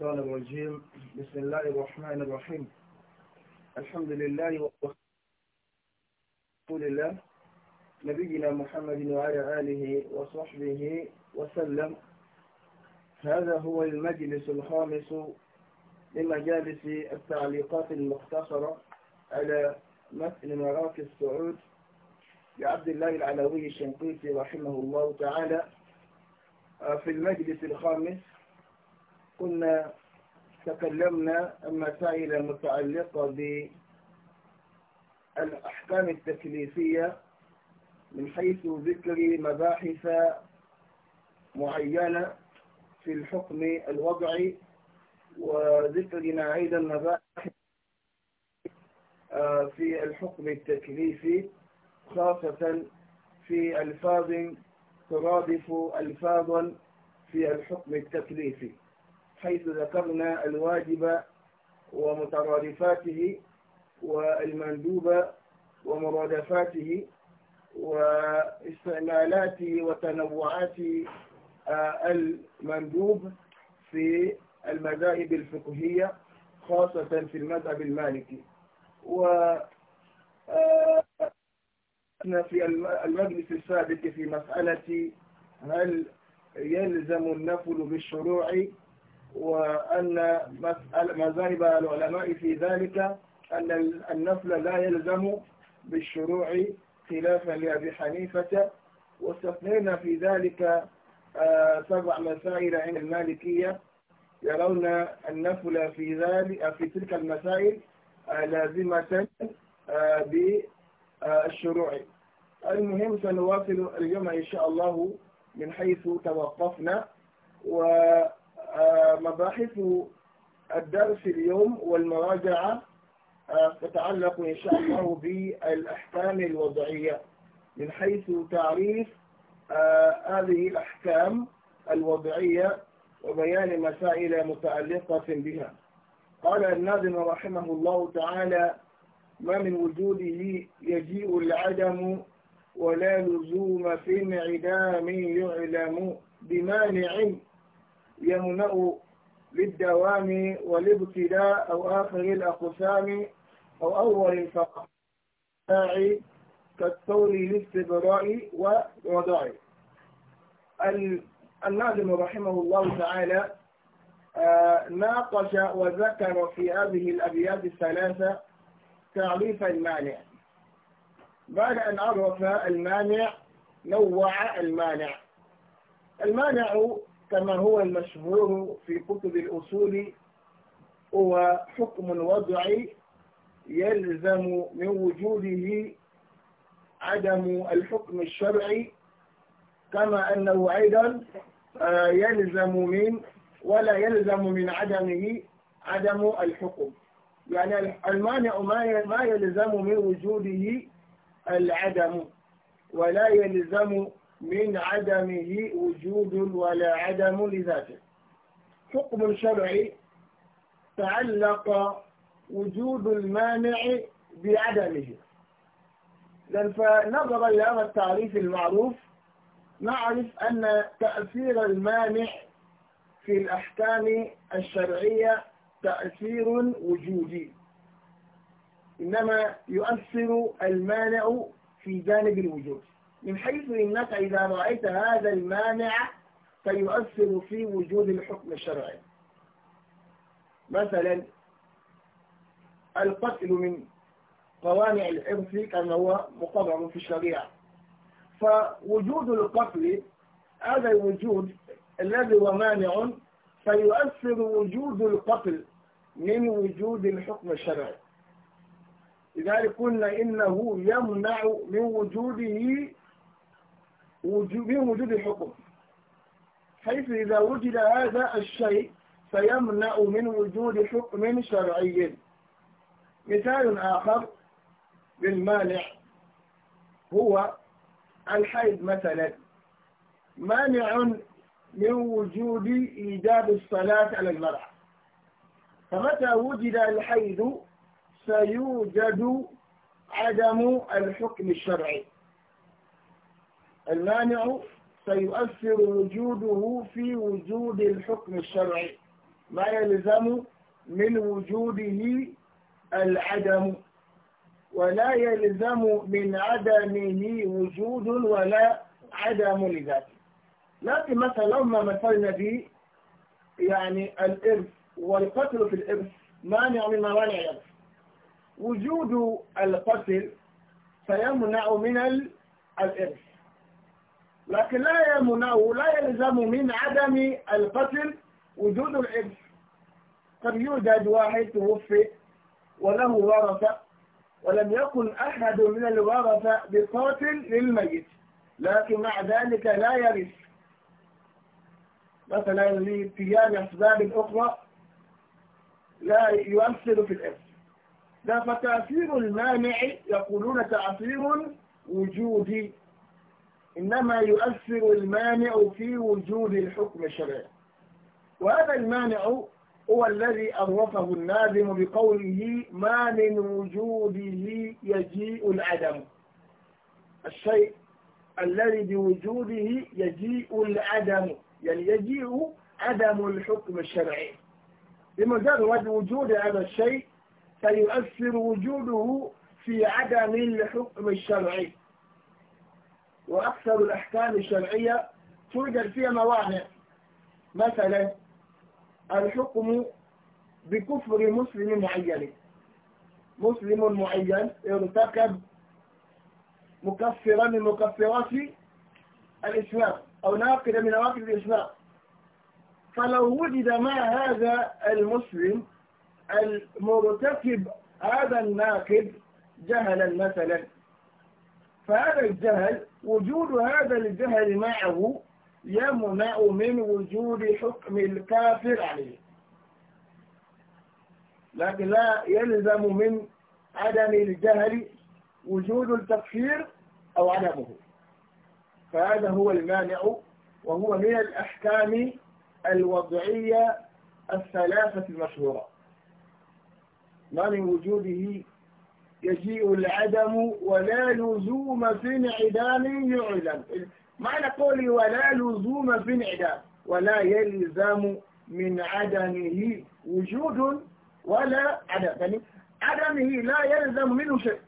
قال الرجيم بسم الله الرحمن الرحيم الحمد لله ورسول الله نبينا محمد وعلى آله وصحبه وسلم هذا هو المجلس الخامس لمجالس التعليقات المختصرة على مثل مراكز سعود لعبد الله العلوي الشنقيطي رحمه الله تعالى آه، في المجلس الخامس كنا تكلمنا المسائل المتعلقة بالأحكام التكليفية من حيث ذكر مباحث معينة في الحكم الوضعي وذكرنا أيضا مباحث آه، في الحكم التكليفي خاصة في ألفاظ ترادف ألفاظا في الحكم التكليفي حيث ذكرنا الواجب ومترادفاته والمندوب ومرادفاته واستعمالات وتنوعات آه، المندوب في المذاهب الفقهية خاصة في المذهب المالكي و آه، في المجلس السابق في مسألة هل يلزم النفل بالشروع وأن مذاهب العلماء في ذلك أن النفل لا يلزم بالشروع خلافا لأبي حنيفة واستثنينا في ذلك آه، سبع مسائل عند المالكية يرون النفل في ذلك في تلك المسائل آه، لازمة آه، بالشروع المهم سنواصل اليوم إن شاء الله من حيث توقفنا و آه، مباحث الدرس اليوم والمراجعة آه، تتعلق إن شاء الله بالأحكام الوضعية من حيث تعريف آه، هذه الأحكام الوضعية وبيان مسائل متعلقة بها قال الناظم رحمه الله تعالى ما من وجوده يجيء العدم ولا لزوم في انعدام يعلم بمانع يمنع للدوام والابتداء أو آخر الأقسام أو أول الفقاع كالثور للاستبراء والوضع الناظم رحمه الله تعالى آه، ناقش وذكر في هذه الأبيات الثلاثة تعريف المانع بعد أن عرف المانع نوع المانع المانع كما هو المشهور في كتب الأصول هو حكم وضعي يلزم من وجوده عدم الحكم الشرعي كما أنه أيضا آه، يلزم من ولا يلزم من عدمه عدم الحكم يعني المانع ما يلزم من وجوده العدم ولا يلزم من عدمه وجود ولا عدم لذاته حكم شرعي تعلق وجود المانع بعدمه لأن فنظرا لهذا التعريف المعروف نعرف أن تأثير المانع في الأحكام الشرعية تأثير وجودي إنما يؤثر المانع في جانب الوجود من حيث إنك إذا رأيت هذا المانع فيؤثر في وجود الحكم الشرعي مثلا القتل من قوانع الإرث كما هو مقرر في الشريعة فوجود القتل هذا الوجود الذي هو مانع فيؤثر وجود القتل من وجود الحكم الشرعي لذلك قلنا إنه يمنع من وجوده من وجود الحكم حيث إذا وجد هذا الشيء فيمنع من وجود حكم شرعي مثال آخر للمانع هو الحيض مثلا مانع من وجود إيجاب الصلاة على المرأة فمتى وجد الحيض سيوجد عدم الحكم الشرعي المانع سيؤثر وجوده في وجود الحكم الشرعي ما يلزم من وجوده العدم ولا يلزم من عدمه وجود ولا عدم لذاته لكن مثلا لما مثلنا به يعني الإرث والقتل في الإرث مانع من موانع الإرث وجود القتل سيمنع من الإرث لكن لا يمنعه لا يلزم من عدم القتل وجود العبد قد يوجد واحد توفي وله ورثة ولم يكن أحد من الورثة بقاتل للميت لكن مع ذلك لا يرث مثلا لاتيان أسباب أخرى لا يؤثر في الإرث فتأثير المانع يقولون تأثير وجودي إنما يؤثر المانع في وجود الحكم الشرعي وهذا المانع هو الذي عرفه الناظم بقوله ما من وجوده يجيء العدم الشيء الذي بوجوده يجيء العدم يعني يجيء عدم الحكم الشرعي بمجرد وجود هذا الشيء سيؤثر وجوده في عدم الحكم الشرعي وأكثر الأحكام الشرعية توجد فيها موانع مثلا الحكم بكفر مسلم معين مسلم معين ارتكب مكفرا من مكفرات الإسلام أو ناقدا من نواقض الإسلام فلو وجد مع هذا المسلم المرتكب هذا الناقد جهلا مثلا فهذا الجهل وجود هذا الجهل معه يمنع من وجود حكم الكافر عليه لكن لا يلزم من عدم الجهل وجود التكفير أو عدمه فهذا هو المانع وهو من الأحكام الوضعية الثلاثة المشهورة ما من وجوده يجيء العدم ولا لزوم في انعدام يعلم معنى قولي ولا لزوم في انعدام ولا يلزم من عدمه وجود ولا عدم يعني عدمه لا يلزم منه شيء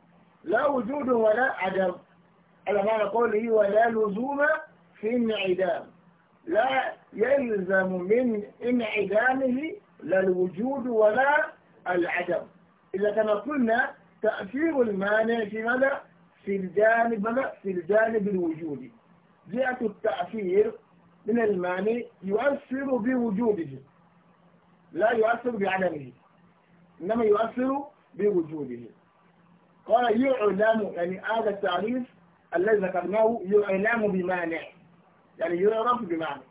لا وجود ولا عدم على معنى قوله ولا لزوم في انعدام لا يلزم من انعدامه لا الوجود ولا العدم إذا كما قلنا تأثير المانع في ماذا؟ في الجانب ماذا؟ في الجانب الوجودي جهة التأثير من المانع يؤثر بوجوده لا يؤثر بعدمه إنما يؤثر بوجوده قال يعلم يعني هذا التعريف الذي ذكرناه يعلم بمانع يعني يعرف بمعنى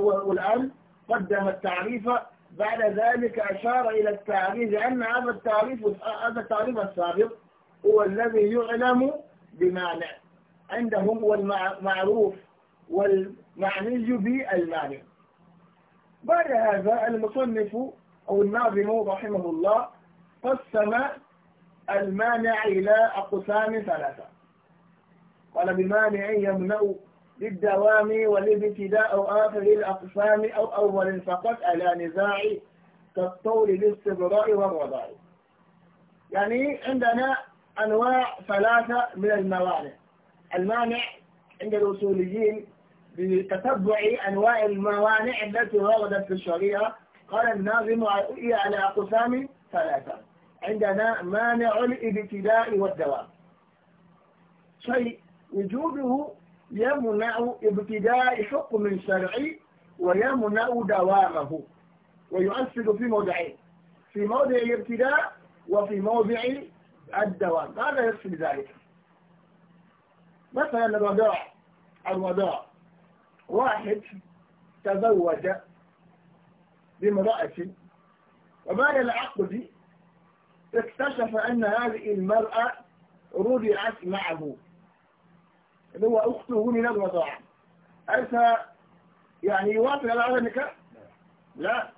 والآن قدم التعريف بعد ذلك أشار إلى التعريف لأن هذا التعريف هذا التعريف السابق هو الذي يعلم بمعنى عندهم هو المعروف والمعني بالمعنى بعد هذا المصنف أو الناظم رحمه الله قسم المانع إلى أقسام ثلاثة قال بمانع يمنع للدوام والابتداء أو آخر الأقسام أو أول فقط على نزاع كالطول بالاستبراء والرضاء يعني عندنا أنواع ثلاثة من الموانع المانع عند الأصوليين بتتبع أنواع الموانع التي وردت في الشريعة قال الناظم على أقسام ثلاثة عندنا مانع الابتداء والدوام شيء وجوده يمنع ابتداء حكم شرعي ويمنع دوامه ويؤثر في موضعين في موضع الابتداء وفي موضع الدوام ماذا يقصد ذلك مثلا الوضاع الوضاع واحد تزوج بامرأة وبعد العقد اكتشف أن هذه المرأة رضعت معه اللي هو أخته من الوضاعة أليس يعني يوافق على هذا النكاح؟ لا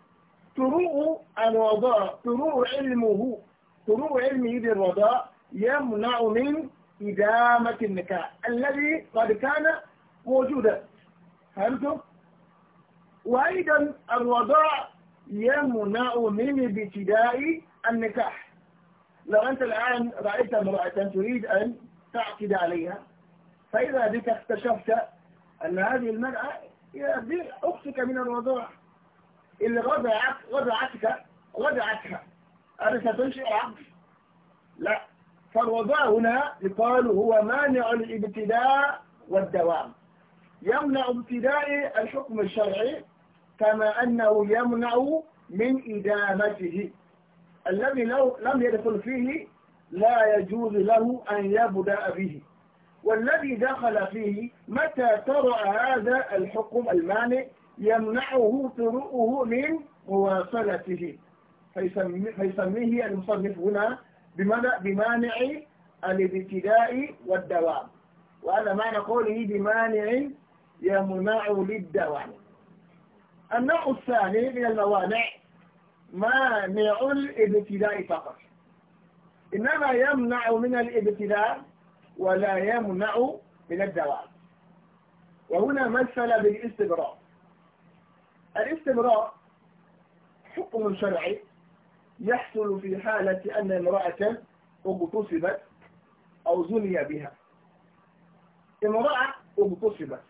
طروء الوضاء طروء علمه طروء علمه بالوضاء يمنع من إدامة النكاح الذي قد كان موجودا فهمتم؟ وأيضا الوضاء يمنع من ابتداء النكاح لو أنت الآن رأيت امرأة تريد أن تعقد عليها فإذا بك اكتشفت أن هذه المرأة هي أختك من الرضاعة اللي رضعت رضعتك رضعتها هل ستنشئ عقد؟ لا فالرضاع هنا يقال هو مانع الابتداء والدوام يمنع ابتداء الحكم الشرعي كما أنه يمنع من إدامته الذي لو لم يدخل فيه لا يجوز له أن يبدأ به والذي دخل فيه متى ترى هذا الحكم المانع يمنعه طرؤه من مواصلته فيسميه المصنف هنا بمانع الابتداء والدوام وهذا معنى قوله بمانع يمنع للدوام النوع الثاني من الموانع مانع الابتداء فقط إنما يمنع من الابتداء ولا يمنع من الدوام وهنا مثل بالاستبراء الاستبراء حكم شرعي يحصل في حالة أن امرأة اغتصبت أو زني بها امرأة اغتصبت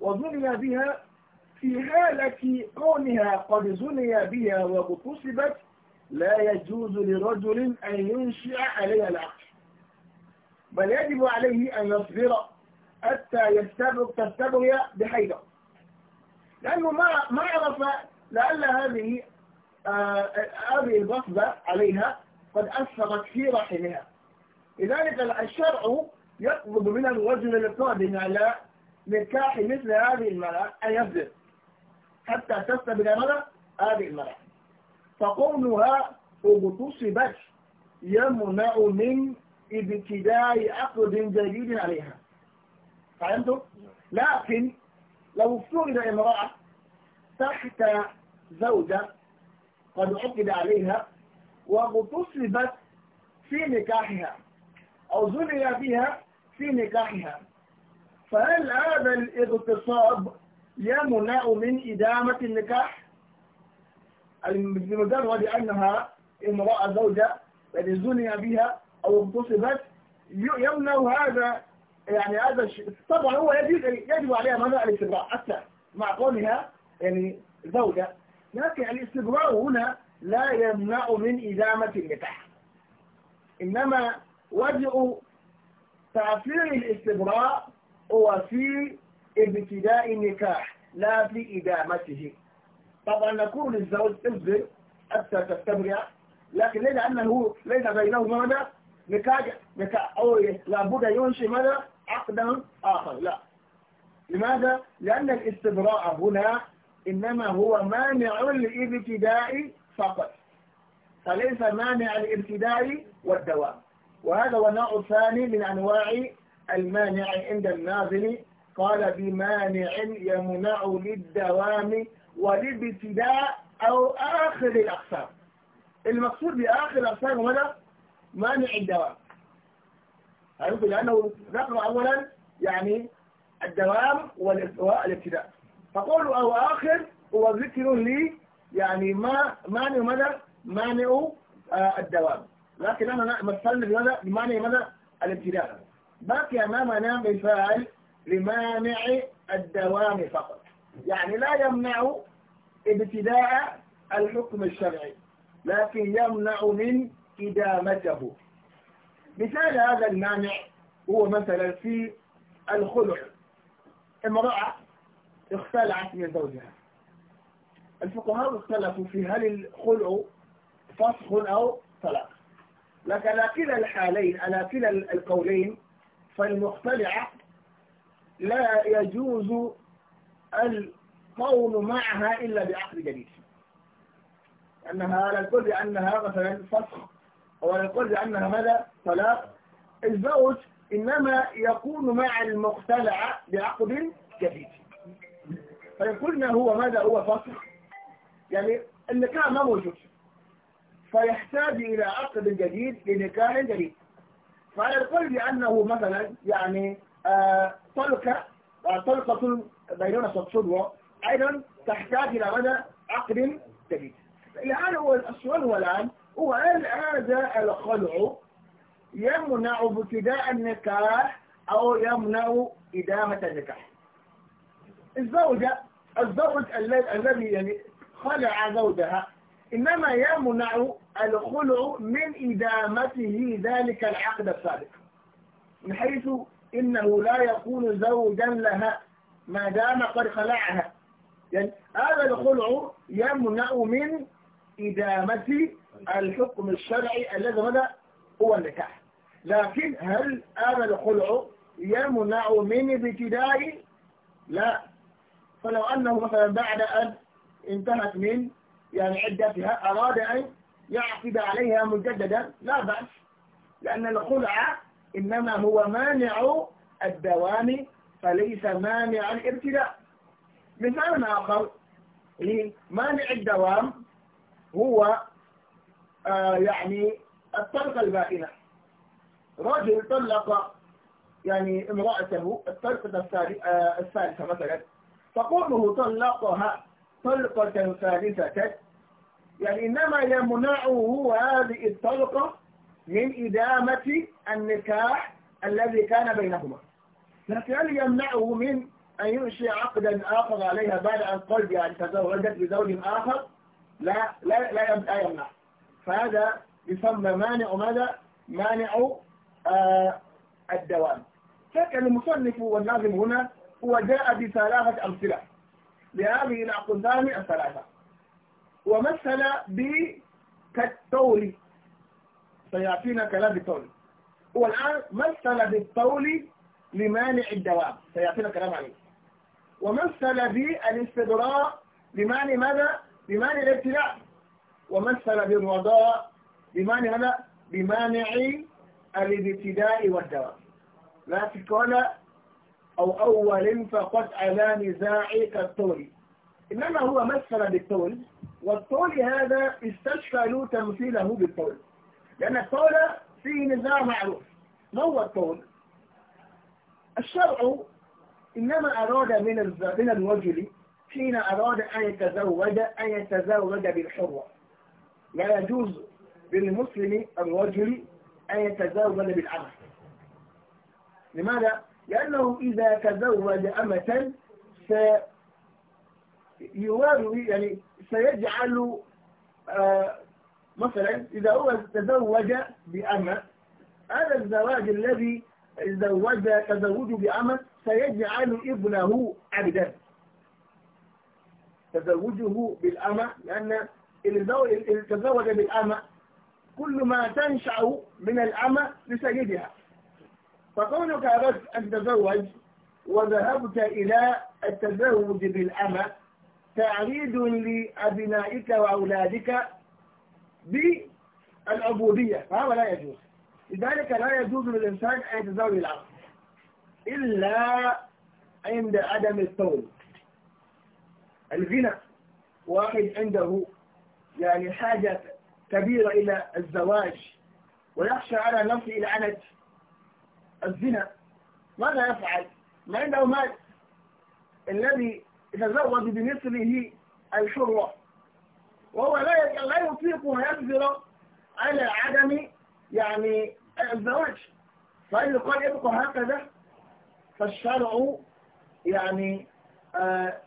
وزني بها في حالة كونها قد زني بها واغتصبت لا يجوز لرجل أن ينشئ عليها العقد بل يجب عليه أن يصبر حتى يستبق تستبغي بحيضة لأنه ما ما عرف لعل هذه آه هذه الغصبة عليها قد أثرت في رحمها لذلك الشرع يطلب من الرجل القادم على نكاح مثل هذه المرأة أن يصبر حتى تستبق مرأة هذه المرأة فقولها اغتصبت يمنع من ابتداء عقد جديد عليها فهمتم؟ لكن لو افترض امرأة تحت زوجة قد عقد عليها واغتصبت في نكاحها أو زري بها في نكاحها فهل هذا الاغتصاب يمنع من إدامة النكاح بمجرد أنها امرأة زوجة يعني زني بها أو انتصبت يمنع هذا يعني هذا الشيء طبعا هو يجب يجب عليها منع الاستبراء حتى مع قولها يعني زوجة لكن الاستبراء هنا لا يمنع من إدامة النكاح إنما وجه تعفير الاستبراء هو في ابتداء النكاح لا في إدامته طبعا نقول للزوج اصبر حتى تستبرع لكن ليس أنه ليس بينهما نكا أو لابد ينشي ماذا عقدا آخر لا لماذا؟ لأن الاستبراء هنا إنما هو مانع الابتداء فقط فليس مانع الابتداء والدوام وهذا هو نوع ثاني من أنواع المانع عند النازل قال بمانع يمنع للدوام وللابتداء أو آخر الأقسام المقصود بآخر الأقسام ماذا؟ مانع الدوام عرفت لأنه ذكر أولا يعني الدوام والابتداء فقول أو آخر هو ذكر لي يعني ما مانع ماذا مانع آه، الدوام لكن أنا مثلنا بماذا بمانع ماذا الابتداء باقي أمامنا مثال لمانع الدوام فقط يعني لا يمنع ابتداء الحكم الشرعي لكن يمنع من إدامته مثال هذا المانع هو مثلا في الخلع امرأة اختلعت من زوجها الفقهاء اختلفوا في هل الخلع فسخ أو طلاق لكن على كلا الحالين على كلا القولين فالمختلعة لا يجوز القول معها إلا بعقد جديد أنها على الكل أنها مثلا فسخ هو يقول بأنها ماذا طلاق الزوج إنما يكون مع المقتلع بعقد جديد فيقولنا هو ماذا هو فصل يعني النكاح ما موجود فيحتاج إلى عقد جديد لنكاح جديد فعلى القول بأنه مثلا يعني آه، طلقة آه، طلقة بيننا صدوة أيضا تحتاج إلى مدى عقد جديد الآن هو السؤال هو الآن وهل هذا الخلع يمنع ابتداء النكاح أو يمنع إدامة النكاح الزوجة الزوج الذي يعني خلع زوجها إنما يمنع الخلع من إدامته ذلك العقد السابق من حيث إنه لا يكون زوجا لها ما دام قد خلعها يعني هذا الخلع يمنع من إدامة الحكم الشرعي الذي هنا هو النكاح لكن هل هذا الخلع يمنع من ابتداء لا فلو أنه مثلا بعد أن انتهت من يعني عدتها أراد أن يعقد عليها مجددا لا بأس لأن الخلع إنما هو مانع الدوام فليس مانع الابتداء مثال آخر لمانع الدوام هو آه، يعني الطلقة البائنة رجل طلق يعني امرأته الطلقة آه، الثالثة مثلا فقوله طلقها طلقة ثالثة يعني إنما يمنعه هذه الطلقة من إدامة النكاح الذي كان بينهما لكن هل يمنعه من أن ينشئ عقدا آخر عليها بعد أن قلب يعني تزوجت بزوج آخر لا لا لا يمنع فهذا يسمى مانع ماذا؟ مانع آه، الدوام لكن المصنف والناظم هنا هو جاء بثلاثة أمثلة لهذه الأقزام الثلاثة ومثل بكالطول سيأتينا كلام بالطول والآن مثل بالطول لمانع الدوام سيأتينا كلام عليه ومثل بالاستدراء لمانع ماذا؟ لمانع الابتلاء ومثل بالرضاء بمانع لا بمانع الابتداء والدوام لكن قال أو أول فقد على نزاع كالطول إنما هو مثل بالطول والطول هذا استشكلوا تمثيله بالطول لأن الطول فيه نزاع معروف ما هو الطول؟ الشرع إنما أراد من من الرجل حين أراد أن يتزوج أن يتزوج بالحرة لا يجوز للمسلم الرجل أن يتزوج بالعبد لماذا؟ لأنه إذا تزوج أمة سيواري يعني سيجعل آه، مثلا إذا هو تزوج بأمة هذا الزواج الذي تزوج تزوج بأمة سيجعل ابنه عبدا تزوجه بالأمة لأن اللي تزوج بالأمة كل ما تنشأ من الأمة لسيدها فكونك أردت أن تتزوج وذهبت إلى التزوج بالأمة تعريض لأبنائك وأولادك بالعبودية فهذا لا يجوز لذلك لا يجوز للإنسان أن يتزوج العبد إلا عند عدم الثول الغنى واحد عنده يعني حاجة كبيرة إلى الزواج ويخشى على نفسه إلى عنت الزنا ماذا يفعل؟ ما عنده مال الذي يتزوج بمثله الحرة وهو لا لا يطيق ويقدر على عدم يعني الزواج فإن قال يبقى هكذا فالشرع يعني آه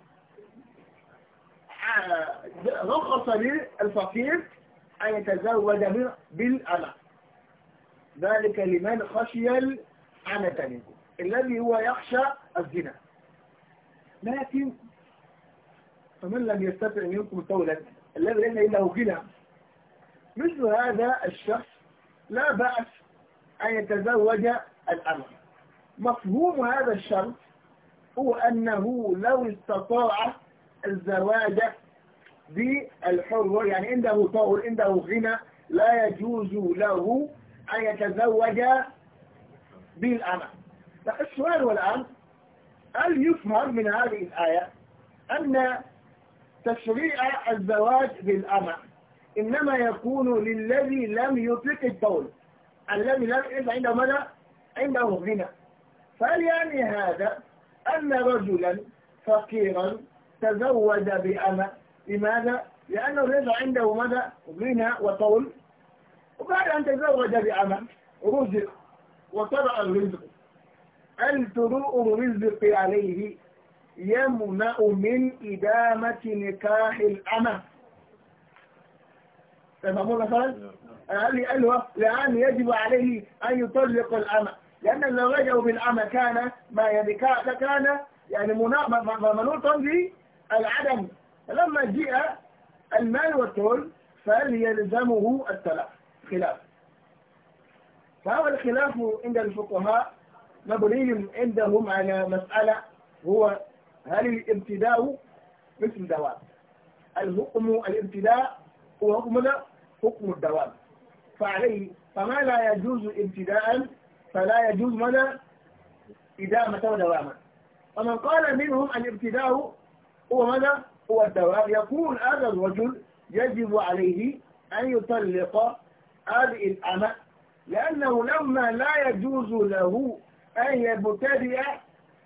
رخص للفقير أن يتزود بالأمة ذلك لمن خشي العنة منكم الذي هو يخشى الزنا لكن فمن لم يستطع منكم قولا الذي ليس له غنى مثل هذا الشخص لا بأس أن يتزوج الأمر مفهوم هذا الشرط هو أنه لو استطاع الزواج بالحر يعني عنده طهر عنده غنى لا يجوز له أن يتزوج بالأمة السؤال والآن هل يفهم من هذه الآية أن تشريع الزواج بالأمة إنما يكون للذي لم يطلق الطول الذي لم يطلق عنده مدى عنده غنى فهل يعني هذا أن رجلا فقيرا تزود بأمة لماذا؟ لأنه الرضا عنده مدى غنى وطول وبعد أن تزوج بأمة رزق وطبع الرزق هل تروء الرزق عليه يمنع من إدامة نكاح الأمة تفهمون مثلا؟ قال لي قال لأن يجب عليه أن يطلق الأمة لأن لو رجعوا بالأمة كان ما يعني كان يعني منوطا به العدم فلما جاء المال والتول فهل يلزمه التلف خلاف فهو الخلاف عند الفقهاء مبني عندهم على مسألة هو هل الابتداء مثل الدوام الحكم الابتداء هو حكمنا حكم الدوام فعليه فما لا يجوز ابتداء فلا يجوز مدى إدامة ودواما ومن قال منهم الابتداء هو ماذا؟ هو الدواء يكون هذا الرجل يجب عليه أن يطلق هذه الأمة لأنه لما لا يجوز له أن يبتدئ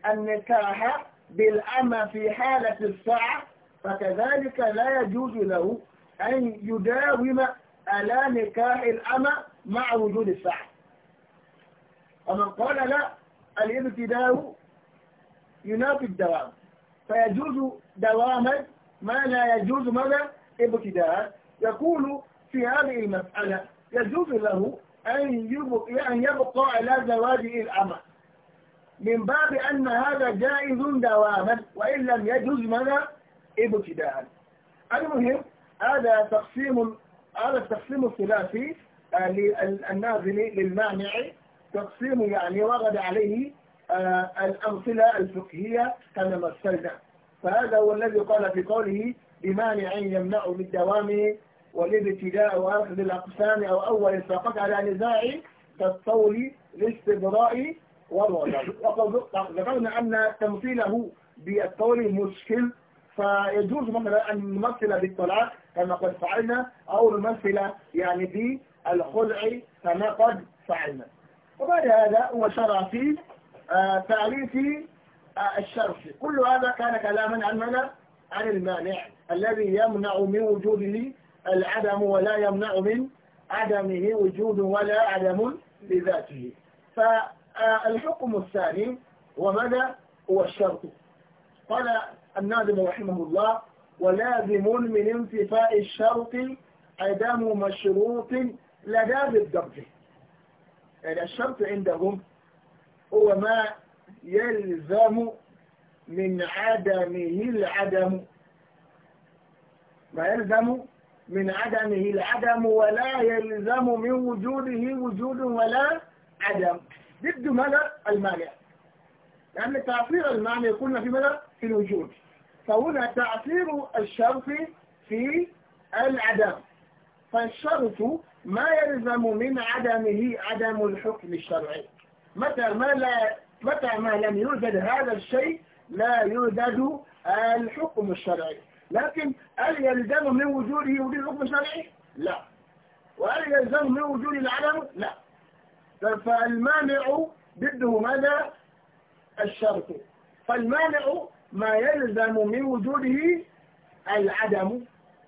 النكاح بالأمة في حالة الساعة فكذلك لا يجوز له أن يداوم على نكاح الأمة مع وجود الساعة ومن قال لا الابتداء ينافي الدوام فيجوز دواما ما لا يجوز ماذا ابتداء يقول في هذه المسألة يجوز له أن يبقى على زواج الأمة من باب أن هذا جائز دواما وإن لم يجوز ماذا ابتداء المهم هذا تقسيم هذا التقسيم الثلاثي آه، للنازل للمانع تقسيم يعني ورد عليه آه، الأمثلة الفقهية كما مثلنا فهذا هو الذي قال في قوله بمانع يمنع من دوامه والابتداء وأخذ الأقسام أو أول فقط على نزاع كالطول الاستبراء والرجل وقد ذكرنا أن تمثيله بالطول مشكل فيجوز مثلا أن نمثل بالطلاق كما قد فعلنا أو نمثل يعني بالخلع كما قد فعلنا وبعد هذا هو شرع فيه آه، تعريف آه، الشرط كل هذا كان كلاما عن ماذا؟ عن المانع الذي يمنع من وجوده العدم ولا يمنع من عدمه وجود ولا عدم لذاته فالحكم آه، الثاني وماذا هو الشرط قال الناظم رحمه الله ولازم من انتفاء الشرط عدم مشروط لدى بالضبط يعني الشرط عندهم هو ما يلزم من عدمه العدم ما يلزم من عدمه العدم ولا يلزم من وجوده وجود ولا عدم ضد ملا المانع لأن تعصير المعنى قلنا في ملا في الوجود فهنا تعصير الشرط في العدم فالشرط ما يلزم من عدمه عدم الحكم الشرعي متى ما لا متى ما لم يوجد هذا الشيء لا يوجد الحكم الشرعي لكن هل يلزم من وجوده وجود الحكم الشرعي؟ لا وهل يلزم من وجود العدم؟ لا فالمانع ضده ماذا؟ الشرط فالمانع ما يلزم من وجوده العدم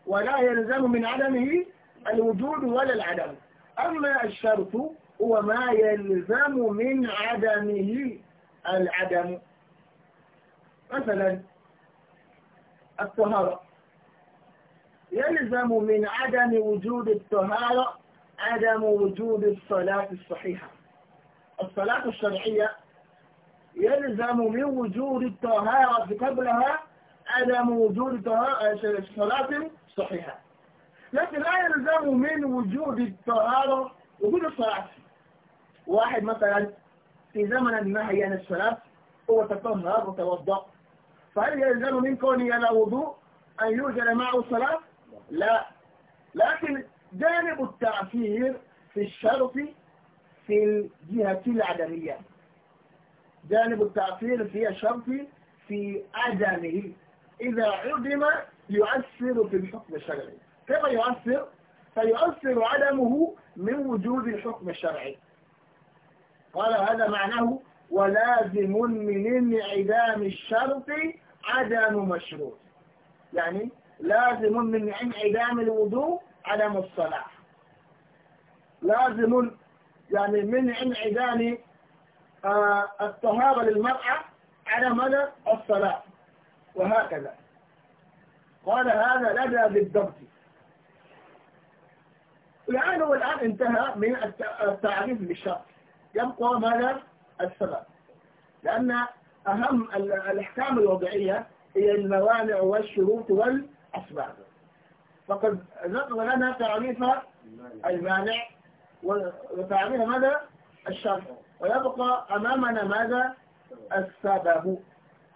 ولا يلزم من عدمه الوجود ولا العدم أما الشرط هو ما يلزم من عدمه العدم مثلا الطهارة يلزم من عدم وجود الطهارة عدم وجود الصلاة الصحيحة الصلاة الشرعية يلزم من وجود الطهارة قبلها عدم وجود صلاة صحيحة لكن لا يلزم من وجود الطهارة وجود الصلاة واحد مثلا في زمن النهي عن الصلاة هو تطهر وتوضأ فهل يلزم من كونه على وضوء أن يوجد معه صلاة؟ لا لكن جانب التعفير في الشرط في الجهة العدمية جانب التعفير في الشرط في عدمه إذا عدم يؤثر في الحكم الشرعي كيف يؤثر؟ فيؤثر عدمه من وجود الحكم الشرعي قال هذا معناه ولازم من انعدام الشرط عدم مشروط يعني لازم من انعدام الوضوء عدم الصلاة لازم يعني من انعدام آه، الطهارة للمرأة على مدى الصلاة وهكذا قال هذا لدى بالضبط الآن والآن انتهى من التعريف بالشرط يبقى ماذا السبب لأن أهم الأحكام الوضعية هي الموانع والشروط والأسباب فقد ذكر لنا تعريف المانع وتعريف ماذا الشرط ويبقى أمامنا ماذا السبب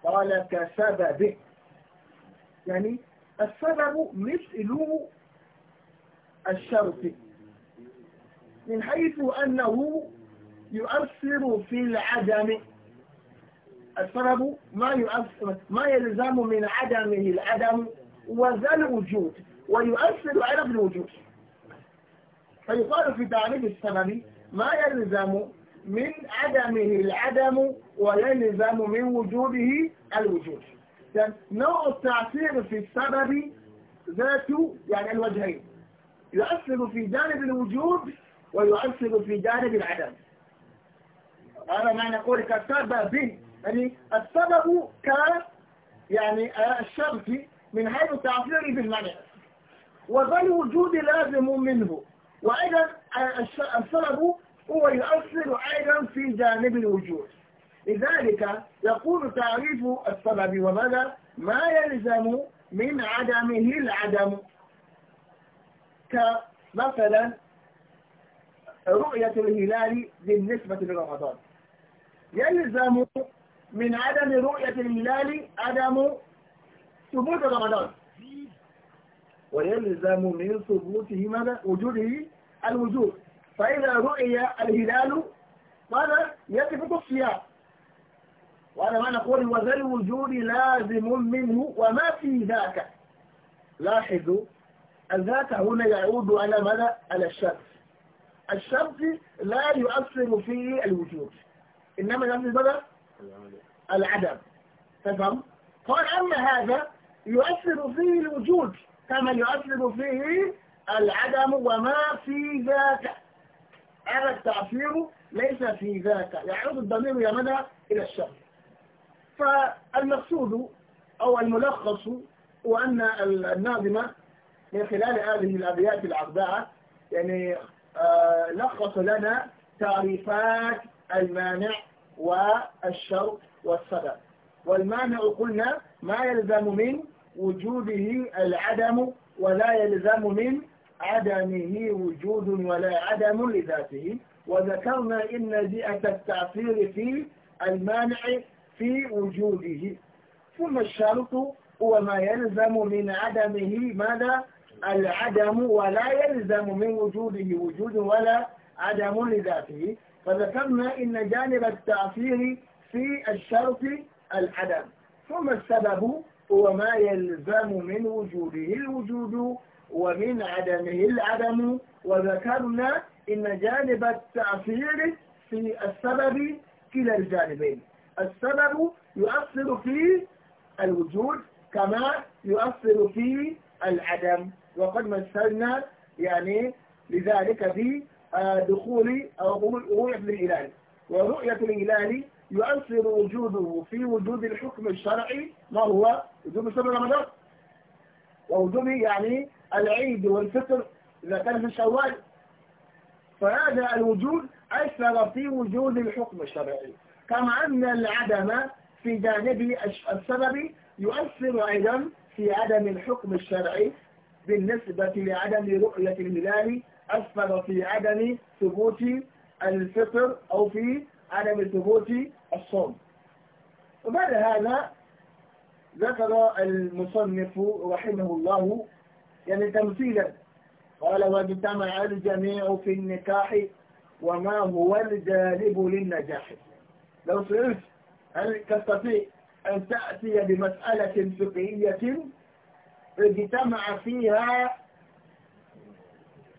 قال كسبب يعني السبب مثل الشرط من حيث أنه يؤثر في العدم السبب ما يؤثر ما يلزم من عدمه العدم وذا الوجود ويؤثر على الوجود فيقال في تعريف السبب ما يلزم من عدمه العدم ويلزم من وجوده الوجود يعني نوع التأثير في السبب ذات يعني الوجهين يؤثر في جانب الوجود ويؤثر في جانب العدم هذا معنى قولك السبب يعني السبب ك يعني الشرط من حيث تعبيره بالمعنى وظل وجود لازم منه وأيضا السبب هو يؤثر أيضا في جانب الوجود لذلك يقول تعريف السبب وماذا ما يلزم من عدمه العدم كمثلا رؤية الهلال بالنسبة لرمضان يلزم من عدم رؤية الهلال عدم ثبوت رمضان ويلزم من ثبوته ماذا وجوده الوجود فإذا رؤي الهلال ماذا يقف الصيام وأنا ما نقول وذا الوجود لازم منه وما في ذاك لاحظوا الذات هنا يعود على ماذا على الشرط الشرط لا يؤثر فيه الوجود إنما يرمي ماذا؟ العدم تفهم قال أما هذا يؤثر فيه الوجود كما يؤثر فيه العدم وما في ذاك هذا التأثير ليس في ذاك يعود الضمير يا مدى إلى الشر فالمقصود أو الملخص هو أن الناظمة من خلال هذه الأبيات العرباء يعني آه، لخص لنا تعريفات المانع والشرط والسبب والمانع قلنا ما يلزم من وجوده العدم ولا يلزم من عدمه وجود ولا عدم لذاته وذكرنا إن بيئة التعصير في المانع في وجوده ثم الشرط هو ما يلزم من عدمه ماذا؟ العدم ولا يلزم من وجوده وجود ولا عدم لذاته فذكرنا إن جانب التعفير في الشرط العدم ثم السبب هو ما يلزم من وجوده الوجود ومن عدمه العدم وذكرنا إن جانب التعفير في السبب كلا الجانبين السبب يؤثر في الوجود كما يؤثر في العدم وقد مثلنا يعني لذلك في دخول أو رؤية الهلال ورؤية الهلال يؤثر وجوده في وجود الحكم الشرعي ما هو وجود شهر رمضان ووجوده يعني العيد والفطر إذا كان في شوال فهذا الوجود أثر في وجود الحكم الشرعي كما أن العدم في جانب السبب يؤثر أيضا في عدم الحكم الشرعي بالنسبة لعدم رؤية الهلال أسفل في عدم ثبوت الفطر أو في عدم ثبوت الصوم وبعد هذا ذكر المصنف رحمه الله يعني تمثيلا قال واجتمع الجميع في النكاح وما هو الجالب للنجاح لو سئلت هل تستطيع أن تأتي بمسألة فقهية اجتمع فيها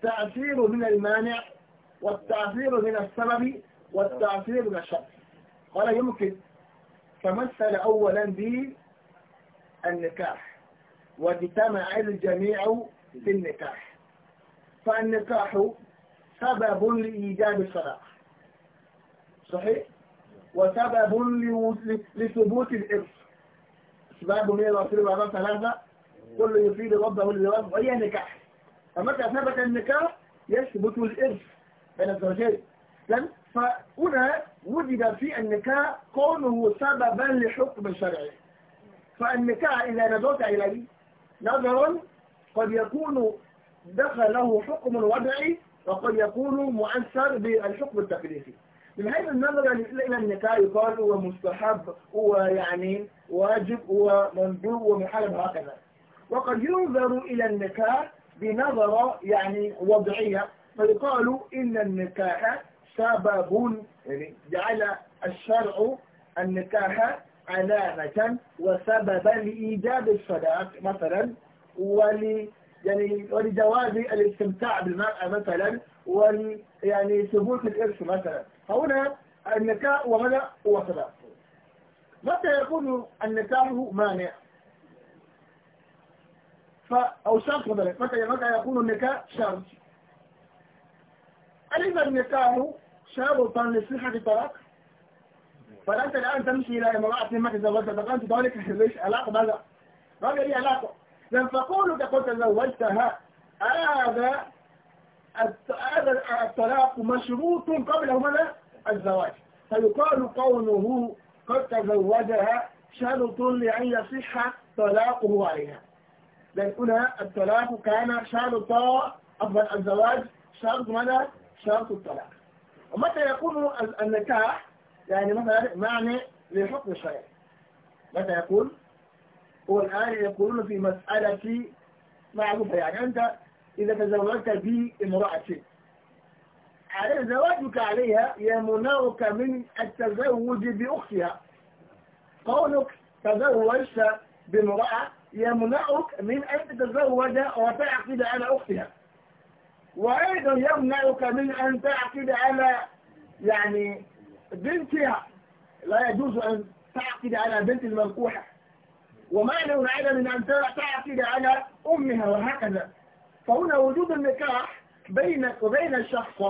التعفير من المانع والتعفير من السبب والتعفير من الشرط قال يمكن فمثل أولا النكاح واجتمع الجميع في النكاح فالنكاح سبب لإيجاب الصلاة صحيح وسبب لثبوت الإرث أسباب من الرسول ثلاثة كل يفيد ربه للرب وهي نكاح فمتى ثبت النكاح يثبت الإرث بين الزوجين فهنا وجد في النكاح كونه سببا لحكم شرعي فالنكاح إذا نظرت إليه نظرا قد يكون دخله حكم وضعي وقد يكون مؤثر بالحكم التقليدي من حيث النظر إلى النكاح يقال هو مستحب هو يعني واجب هو مندوب ومحارب هكذا وقد ينظر إلى النكاح بنظرة يعني وضعية فقالوا إن النكاح سبب يعني جعل الشرع النكاح علامة وسببا لإيجاد الصداق مثلا ول يعني ولجواز الاستمتاع بالمرأة مثلا ول يعني ثبوت الإرث مثلا فهنا النكاح وهذا هو سبب متى يكون النكاح مانع فأو شرط ذلك متى متى يكون النكاح شرط أليس النكاح شرطا لصحة الطلاق؟ فأنت الآن تمشي إلى امرأة ما تزوجتها فقالت ذلك ليش علاقة ماذا؟ ما لي علاقة لأن فقولك قد تزوجتها هذا هذا الطلاق مشروط قبل ماذا؟ الزواج فيقال قوله قد تزوجها شرط لأن يصح طلاقه عليها لأن هنا الطلاق كان شرط أفضل الزواج شرط ماذا؟ شرط الطلاق ومتى يكون النكاح يعني مثلا معنى لحكم الشرع متى يقول؟ هو الآن يقولون في مسألة معروفة يعني أنت إذا تزوجت بامرأة على زواجك عليها يمنعك من التزوج بأختها قولك تزوجت بامرأة يمنعك من أن تتزوج وتعقد على أختها وأيضا يمنعك من أن تعقد على يعني بنتها لا يجوز أن تعقد على بنت المنكوحة ومعنى عدم من أن تعقد على أمها وهكذا فهنا وجود النكاح بينك وبين الشخص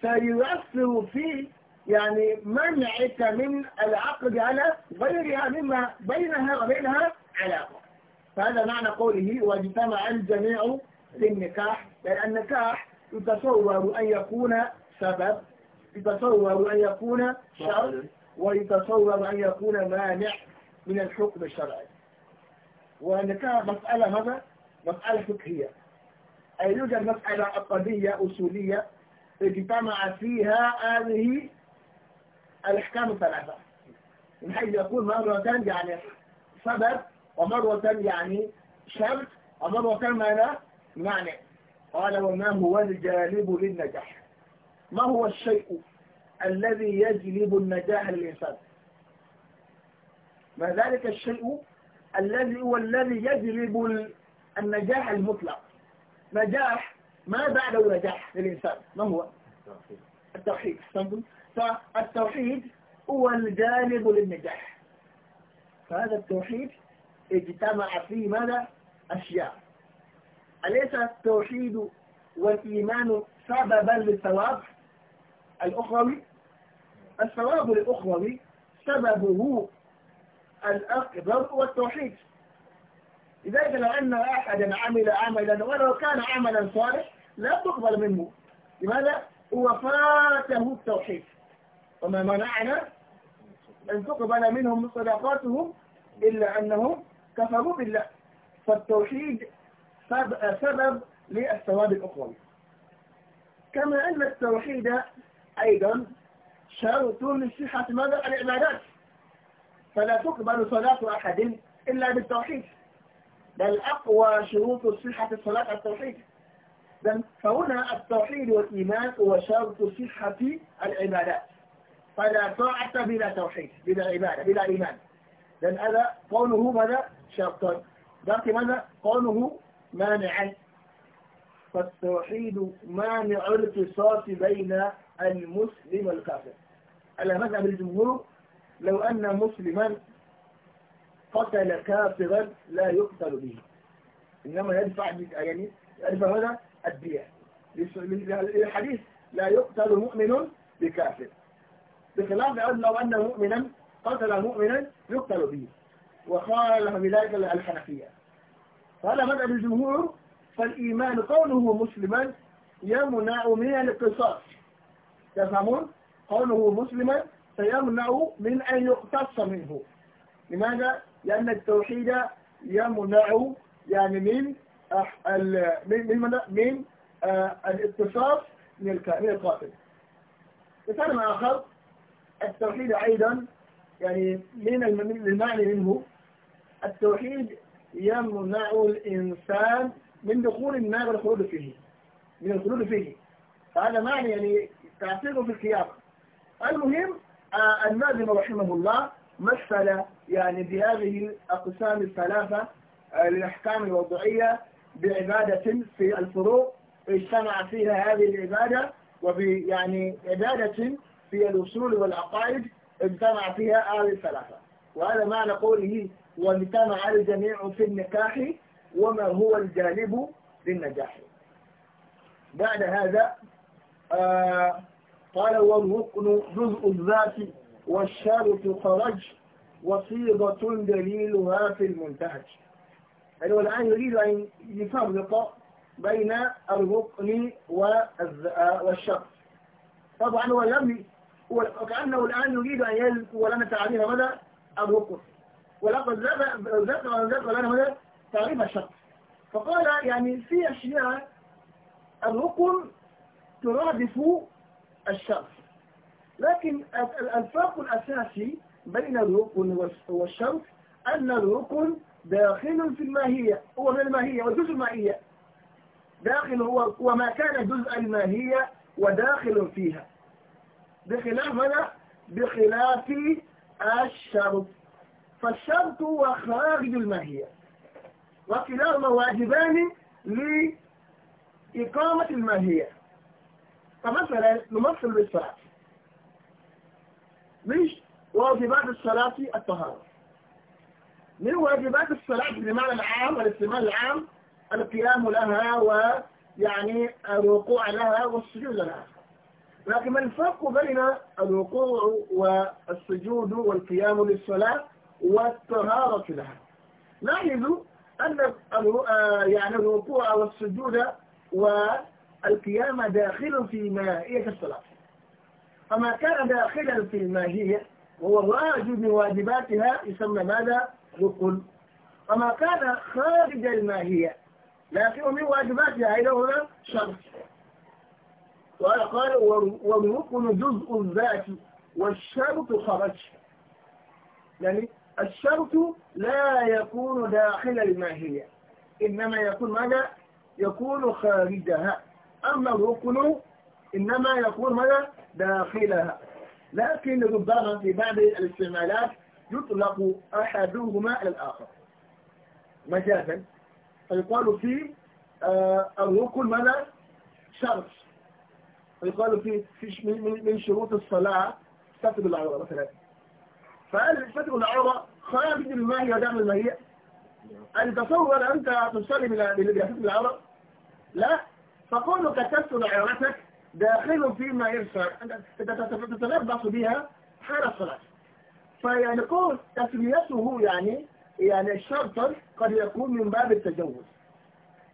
سيؤثر في يعني منعك من العقد على غيرها مما بينها وبينها علاقة فهذا معنى قوله واجتمع الجميع للنكاح لأن النكاح يتصور أن يكون سبب يتصور أن يكون شرط ويتصور أن يكون مانع من الحكم الشرعي والنكاح مسألة ماذا؟ مسألة فقهية أي يوجد مسألة عقدية أصولية اجتمع فيها هذه الأحكام الثلاثة من حيث يقول مرة يعني سبب ومرة يعني شرط ومرة معنى معنى قال وما هو الجالب للنجاح ما هو الشيء الذي يجلب النجاح للإنسان ما ذلك الشيء الذي هو الذي يجلب النجاح المطلق نجاح ما بعد نجاح للإنسان ما هو التوحيد فالتوحيد هو الجانب للنجاح فهذا التوحيد اجتمع فيه ماذا أشياء أليس التوحيد والإيمان سببا للثواب الأخروي الثواب الأخروي سببه الأكبر والتوحيد لذلك لو أن أحدا عمل عملا ولو كان عملا صالح لا تقبل منه لماذا؟ هو فاته التوحيد وما منعنا أن تقبل منهم صداقاتهم إلا أنهم كفروا بالله فالتوحيد سبب للثواب الأخروي كما أن التوحيد أيضا شرط لصحة ماذا العبادات فلا تقبل صلاة أحد إلا بالتوحيد بل أقوى شروط صحة الصلاة التوحيد فهنا التوحيد والإيمان هو شرط صحة العبادات فلا طاعة بلا توحيد بلا عبادة بلا إيمان لأن هذا قوله ماذا شرطا ذلك ماذا قوله مانعا فالتوحيد مانع القصاص بين المسلم والكافر على مذهب الجمهور لو أن مسلما قتل كافرا لا يقتل به إنما يدفع يعني يدفع هذا الدية الحديث لا يقتل مؤمن بكافر بخلاف لو أن مؤمنا قتل مؤمنا يقتل به وقال بذلك الحنفية قال مذهب الجمهور فالإيمان قوله مسلما يمنع من الاقتصاص تفهمون؟ قوله مسلما فيمنع من أن يقتص منه لماذا؟ لأن التوحيد يمنع يعني من من من, من آه، الاقتصاص من القاتل مثال آخر التوحيد أيضا يعني من المعنى منه التوحيد يمنع الإنسان من دخول النار والخلود فيه من الخلود فيه هذا معنى يعني تعطيله في الخيار المهم آه الناظم رحمه الله مثل يعني بهذه الأقسام الثلاثة آه، للأحكام الوضعية بعبادة في الفروع اجتمع فيها هذه العبادة وب يعني عبادة في الأصول والعقائد اجتمع فيها هذه الثلاثة وهذا معنى قوله على الجميع في النكاح وما هو الجالب للنجاح بعد هذا آه قال والركن جزء الذات والشارط خرج وصيغة دليلها في المنتهج يعني والآن يريد أن يفرق بين الركن آه، والشرط طبعا هو لم وكأنه الآن يريد أن يلقي ولنا تعريف ماذا الركن ولقد ذكر ذكر لنا هنا تعريف الشرط فقال يعني في أشياء الركن ترادف الشرط لكن الفرق الأساسي بين الركن والشرط أن الركن داخل في الماهية هو من الماهية والجزء المائية داخل هو وما كان جزء الماهية وداخل فيها بخلاف بخلاف الشرط فالشرط هو خارج الماهية وكلاهما واجبان لإقامة الماهية فمثلا نمثل بالصلاة مش واجبات الصلاة الطهارة من واجبات الصلاة بالمعنى العام والاستعمال العام القيام لها ويعني الوقوع لها والسجود لها لكن ما الفرق بين الوقوع والسجود والقيام للصلاة والطهارة لها لاحظوا أن آه، يعني الوقوع والسجود والقيام داخل في ماهية الصلاة فما كان داخلا في الماهية وهو واجب من واجباتها يسمى ماذا؟ ركن وما كان خارج الماهية لكن من واجباتها أيضا هنا شرط وقال والركن جزء الذات والشرط خرج يعني الشرط لا يكون داخل الماهية إنما يكون ماذا؟ يكون خارجها أما الركن إنما يكون ماذا؟ داخلها لكن ربما في بعض الاستعمالات يطلق أحدهما الآخر مجازا فيقال في آه الركن ماذا؟ شرط فيقال في من شروط الصلاة ستر العورة مثلا فهل ستر العورة خارج الماهية ما الماهية أن تصور أنت تصلي بالجرافيك العرب لا فقولوا كتبت عورتك داخل فيما يرسل أنت تتلبس بها حال الصلاة قول تسميته يعني يعني شرطا قد يكون من باب التجوز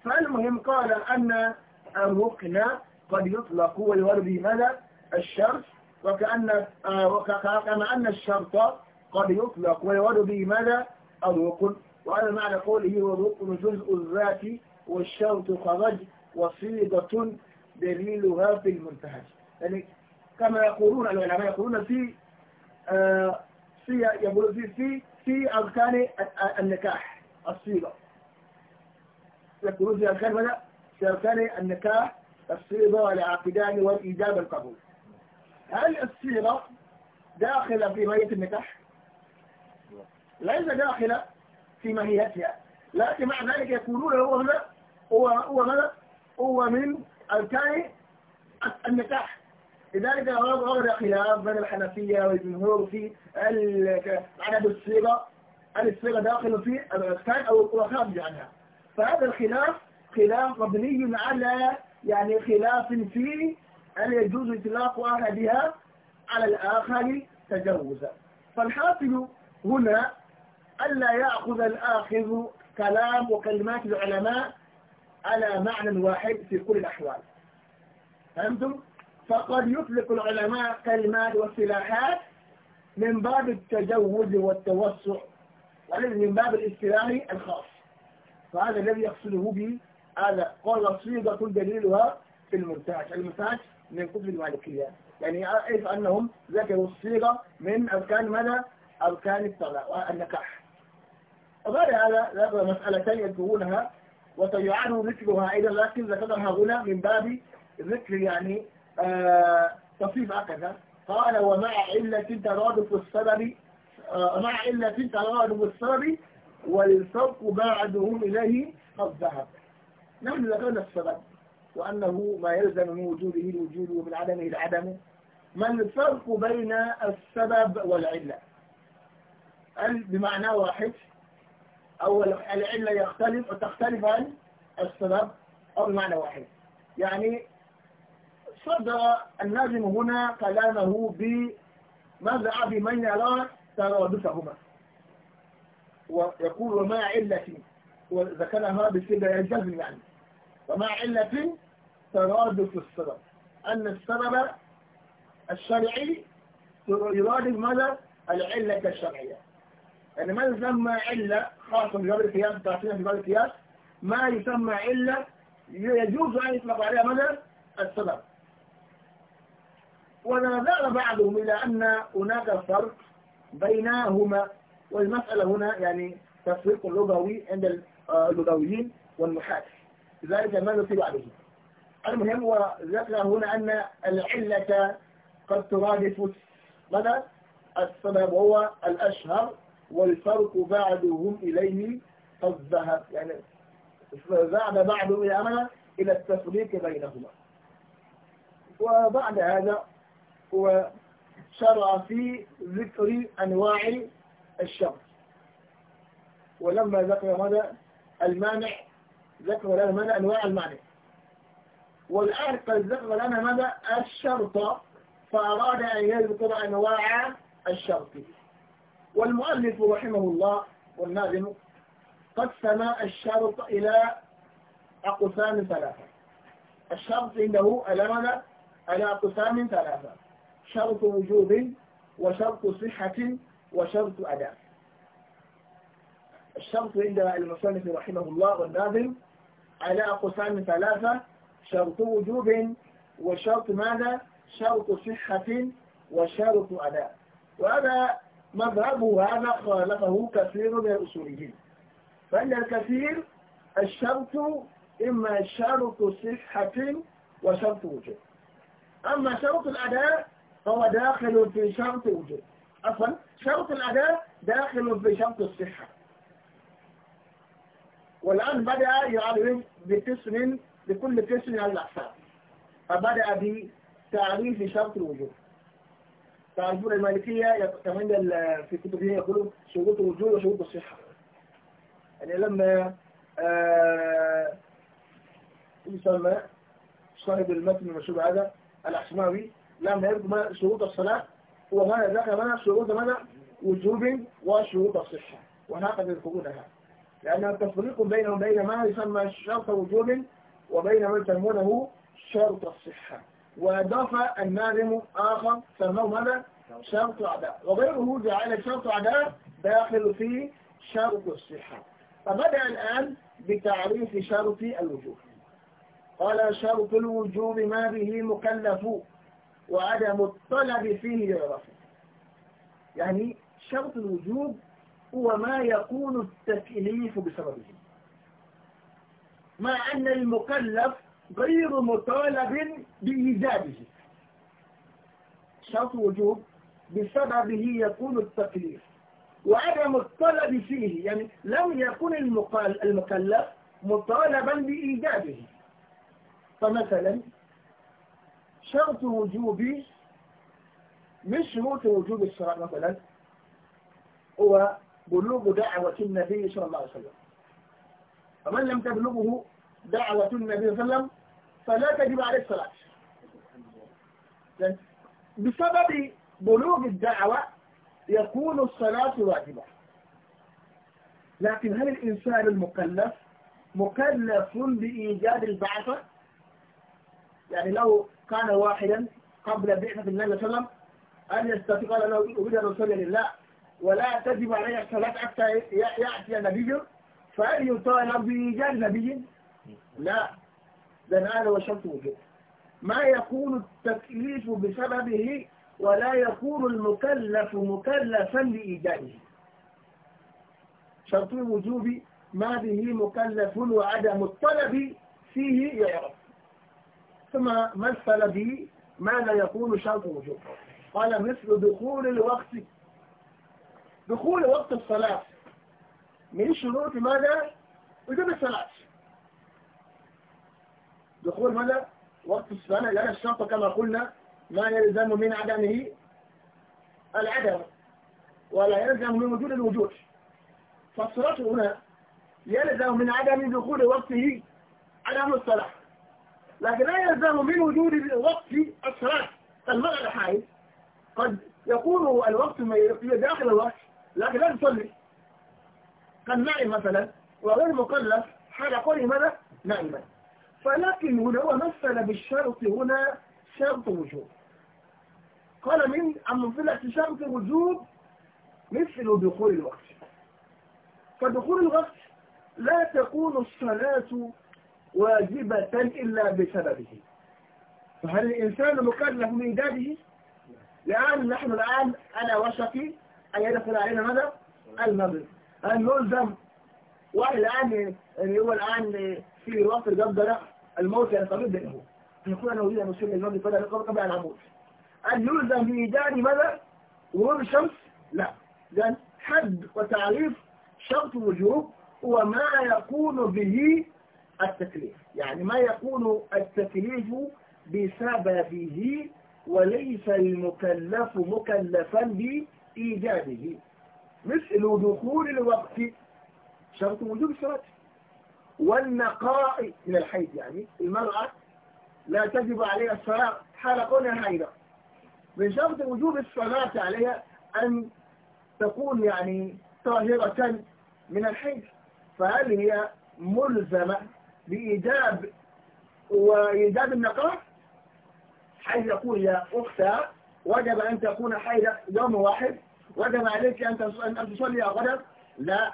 فالمهم قال أن الركن قد يطلق ويورد ماذا الشرط وكأن آه، وكما أن الشرط قد يطلق ويراد به ماذا الركن وهذا معنى قوله والركن جزء الذات والشرط خرج وصيغة دليلها في المنتهج يعني كما يقولون العلماء يقولون في آه، في يقول في في في أركان النكاح الصيغة يقولون في أركان ماذا؟ في أركان النكاح الصيغة والعقدان والإيجاب القبول هل الصيغة داخلة في مية النكاح؟ ليس داخل في ماهيتها لكن مع ذلك يقولون هو هنا هو هو ماذا هو من أركان النكاح لذلك ورد خلاف بين الحنفية والجمهور في عدد الصيغة هل الصيغة داخل في الأركان أو خارج عنها فهذا الخلاف خلاف مبني على يعني خلاف في هل يجوز إطلاق أحدها على الآخر تجوزا فالحاصل هنا ألا يأخذ الآخذ كلام وكلمات العلماء على معنى واحد في كل الأحوال فهمتم؟ فقد يطلق العلماء كلمات وسلاحات من باب التجوز والتوسع وليس من باب الاستلاح الخاص فهذا الذي يقصده به هذا قال صيغة دليلها في المنتاج المنتاج من كتب المالكية يعني أعرف أنهم ذكروا الصيغة من أركان ماذا؟ أركان الطلاق والنكاح غير هذا ذكر مسألتين يذكرونها وسيعاد ذكرها أيضا لكن ذكرها هنا من باب ذكر يعني آه هكذا قال ومع علة ترادف السبب آه مع علة ترادف السبب والفرق بعدهم إليه قد ذهب نحن ذكرنا السبب وأنه ما يلزم من وجوده الوجود ومن عدمه العدم ما الفرق بين السبب والعلة؟ هل بمعنى واحد أو العلة يختلف وتختلف عن السبب أو المعنى واحد يعني صدر الناظم هنا كلامه بماذا من يرى ترادفهما ويقول وما علة وذكرها بسبب الجزم يعني وما علة ترادف السبب أن السبب الشرعي يرادف ماذا؟ العلة الشرعية يعني ما يسمى علة خاصة بباب القياس تعطينا في باب القياس ما يسمى علة يجوز أن يطلق عليها ماذا؟ السبب ونظر بعضهم إلى أن هناك فرق بينهما والمسألة هنا يعني تفريق لغوي عند آه، اللغويين والمحاكي لذلك ما نصيب عليه المهم هو ذكر هنا أن العلة قد ترادف ماذا؟ السبب وهو الأشهر والفرق بعدهم إليه الذهب يعني ذهب بعضهم إلى أمانة إلى التفريق بينهما وبعد هذا هو شرع في ذكر أنواع الشر ولما ذكر ماذا المانع ذكر لنا ماذا أنواع المانع والآن قد ذكر لنا ماذا الشرط فأراد أن يذكر أنواع الشرط والمؤلف رحمه الله والناظم قسم الشرط إلى أقسام ثلاثة الشرط عنده ألمنا على أقسام ثلاثة شرط وجود وشرط صحة وشرط أداء الشرط عند المصنف رحمه الله والناظم على أقسام ثلاثة شرط وجود وشرط ماذا؟ شرط صحة وشرط أداء وهذا مذهبه هذا خالفه كثير من الأصوليين فإن الكثير الشرط إما شرط صحة وشرط وجود أما شرط الأداء فهو داخل في شرط وجود عفوا شرط الأداء داخل في شرط الصحة والآن بدأ يعرف بقسم لكل قسم على الأحساب فبدأ بتعريف شرط الوجود تعرفون المالكية يتمنى في هي يقولون شروط الوجود وشروط الصحة يعني لما آه يسمى صاحب المتن المشهور هذا الأحسماوي لما يذكر شروط الصلاة هو ما ذكر منها شروط منع وجوب وشروط الصحة وهكذا يذكرونها لأنها تفريق بين بين ما يسمى شرط وجوب وبين ما يسمونه شرط الصحة وأضاف الناظم آخر سماه ماذا؟ شرط عداء وغيره جعل شرط عداء داخل في شرط الصحة فبدأ الآن بتعريف شرط الوجوب قال شرط الوجوب ما به مكلف وعدم الطلب فيه يعرف يعني شرط الوجوب هو ما يكون التكليف بسببه مع أن المكلف غير مطالب بإيجاده شرط وجوب بسببه يكون التكليف وعدم الطلب فيه يعني لم يكن المكلف مطالبا بإيجاده فمثلا شرط وجوب من شروط وجوب الصلاة مثلا هو بلوغ دعوة النبي صلى الله عليه وسلم فمن لم تبلغه دعوة النبي صلى الله عليه وسلم فلا تجب عليه الصلاة بسبب بلوغ الدعوة يكون الصلاة واجبة لكن هل الإنسان المكلف مكلف بإيجاد البعثة يعني لو كان واحدا قبل بعثة النبي صلى الله عليه وسلم أن يستطيع أن أريد أن أصلي لله ولا تجب عليه الصلاة حتى يأتي نبي فهل يطالب بإيجاد نبي؟ لا لأن هذا هو شرط وجوب ما يكون التكليف بسببه ولا يكون المكلف مكلفا لإيجاده شرط الوجوب ما به مكلف وعدم الطلب فيه يعرف ثم ما الطلب ما لا يكون شرط وجوب قال مثل دخول الوقت دخول وقت الصلاة من شروط ماذا؟ وجوب الصلاة الظهور ماذا؟ وقت السنة لأن الشرط كما قلنا ما يلزم من عدمه العدم ولا يلزم من وجود الوجود فالصلاة هنا يلزم من عدم دخول وقته عدم الصلاة لكن لا يلزم من وجود وقت الصلاة فالمرأة الحائز قد يكون الوقت داخل الوقت لكن لا تصلي كالنائم مثلا وغير مكلف حال قوله ماذا؟ نائما فلكن هنا ومثل بالشرط هنا شرط وجود قال من أمثلة شرط وجود مثل دخول الوقت فدخول الوقت لا تكون الصلاة واجبة إلا بسببه فهل الإنسان مكلف من إيجاده؟ لأن نحن الآن على وشك أن يدخل علينا ماذا؟ المغرب هل نلزم واحد الآن اللي يعني هو الآن في الوقت الجد ده الموت يعني قبيل بينهم يقول أنا أريد أن أشير فلا قبل قبل أن أموت أن يلزم بإيجاد ماذا؟ ورود الشمس؟ لا لأن حد وتعريف شرط الوجوب هو ما يكون به التكليف يعني ما يكون التكليف بسببه وليس المكلف مكلفا بإيجاده مثل دخول الوقت شرط وجوب الصلاه والنقاء من الحيض يعني المرأة لا تجب عليها الصلاة حال كونها حيضة من شرط وجوب الصلاة عليها أن تكون يعني طاهرة من الحيض فهل هي ملزمة بإيجاب وإيجاب النقاء حيث يقول يا أختها وجب أن تكون حيضة يوم واحد وجب عليك أن تصلي غدا لا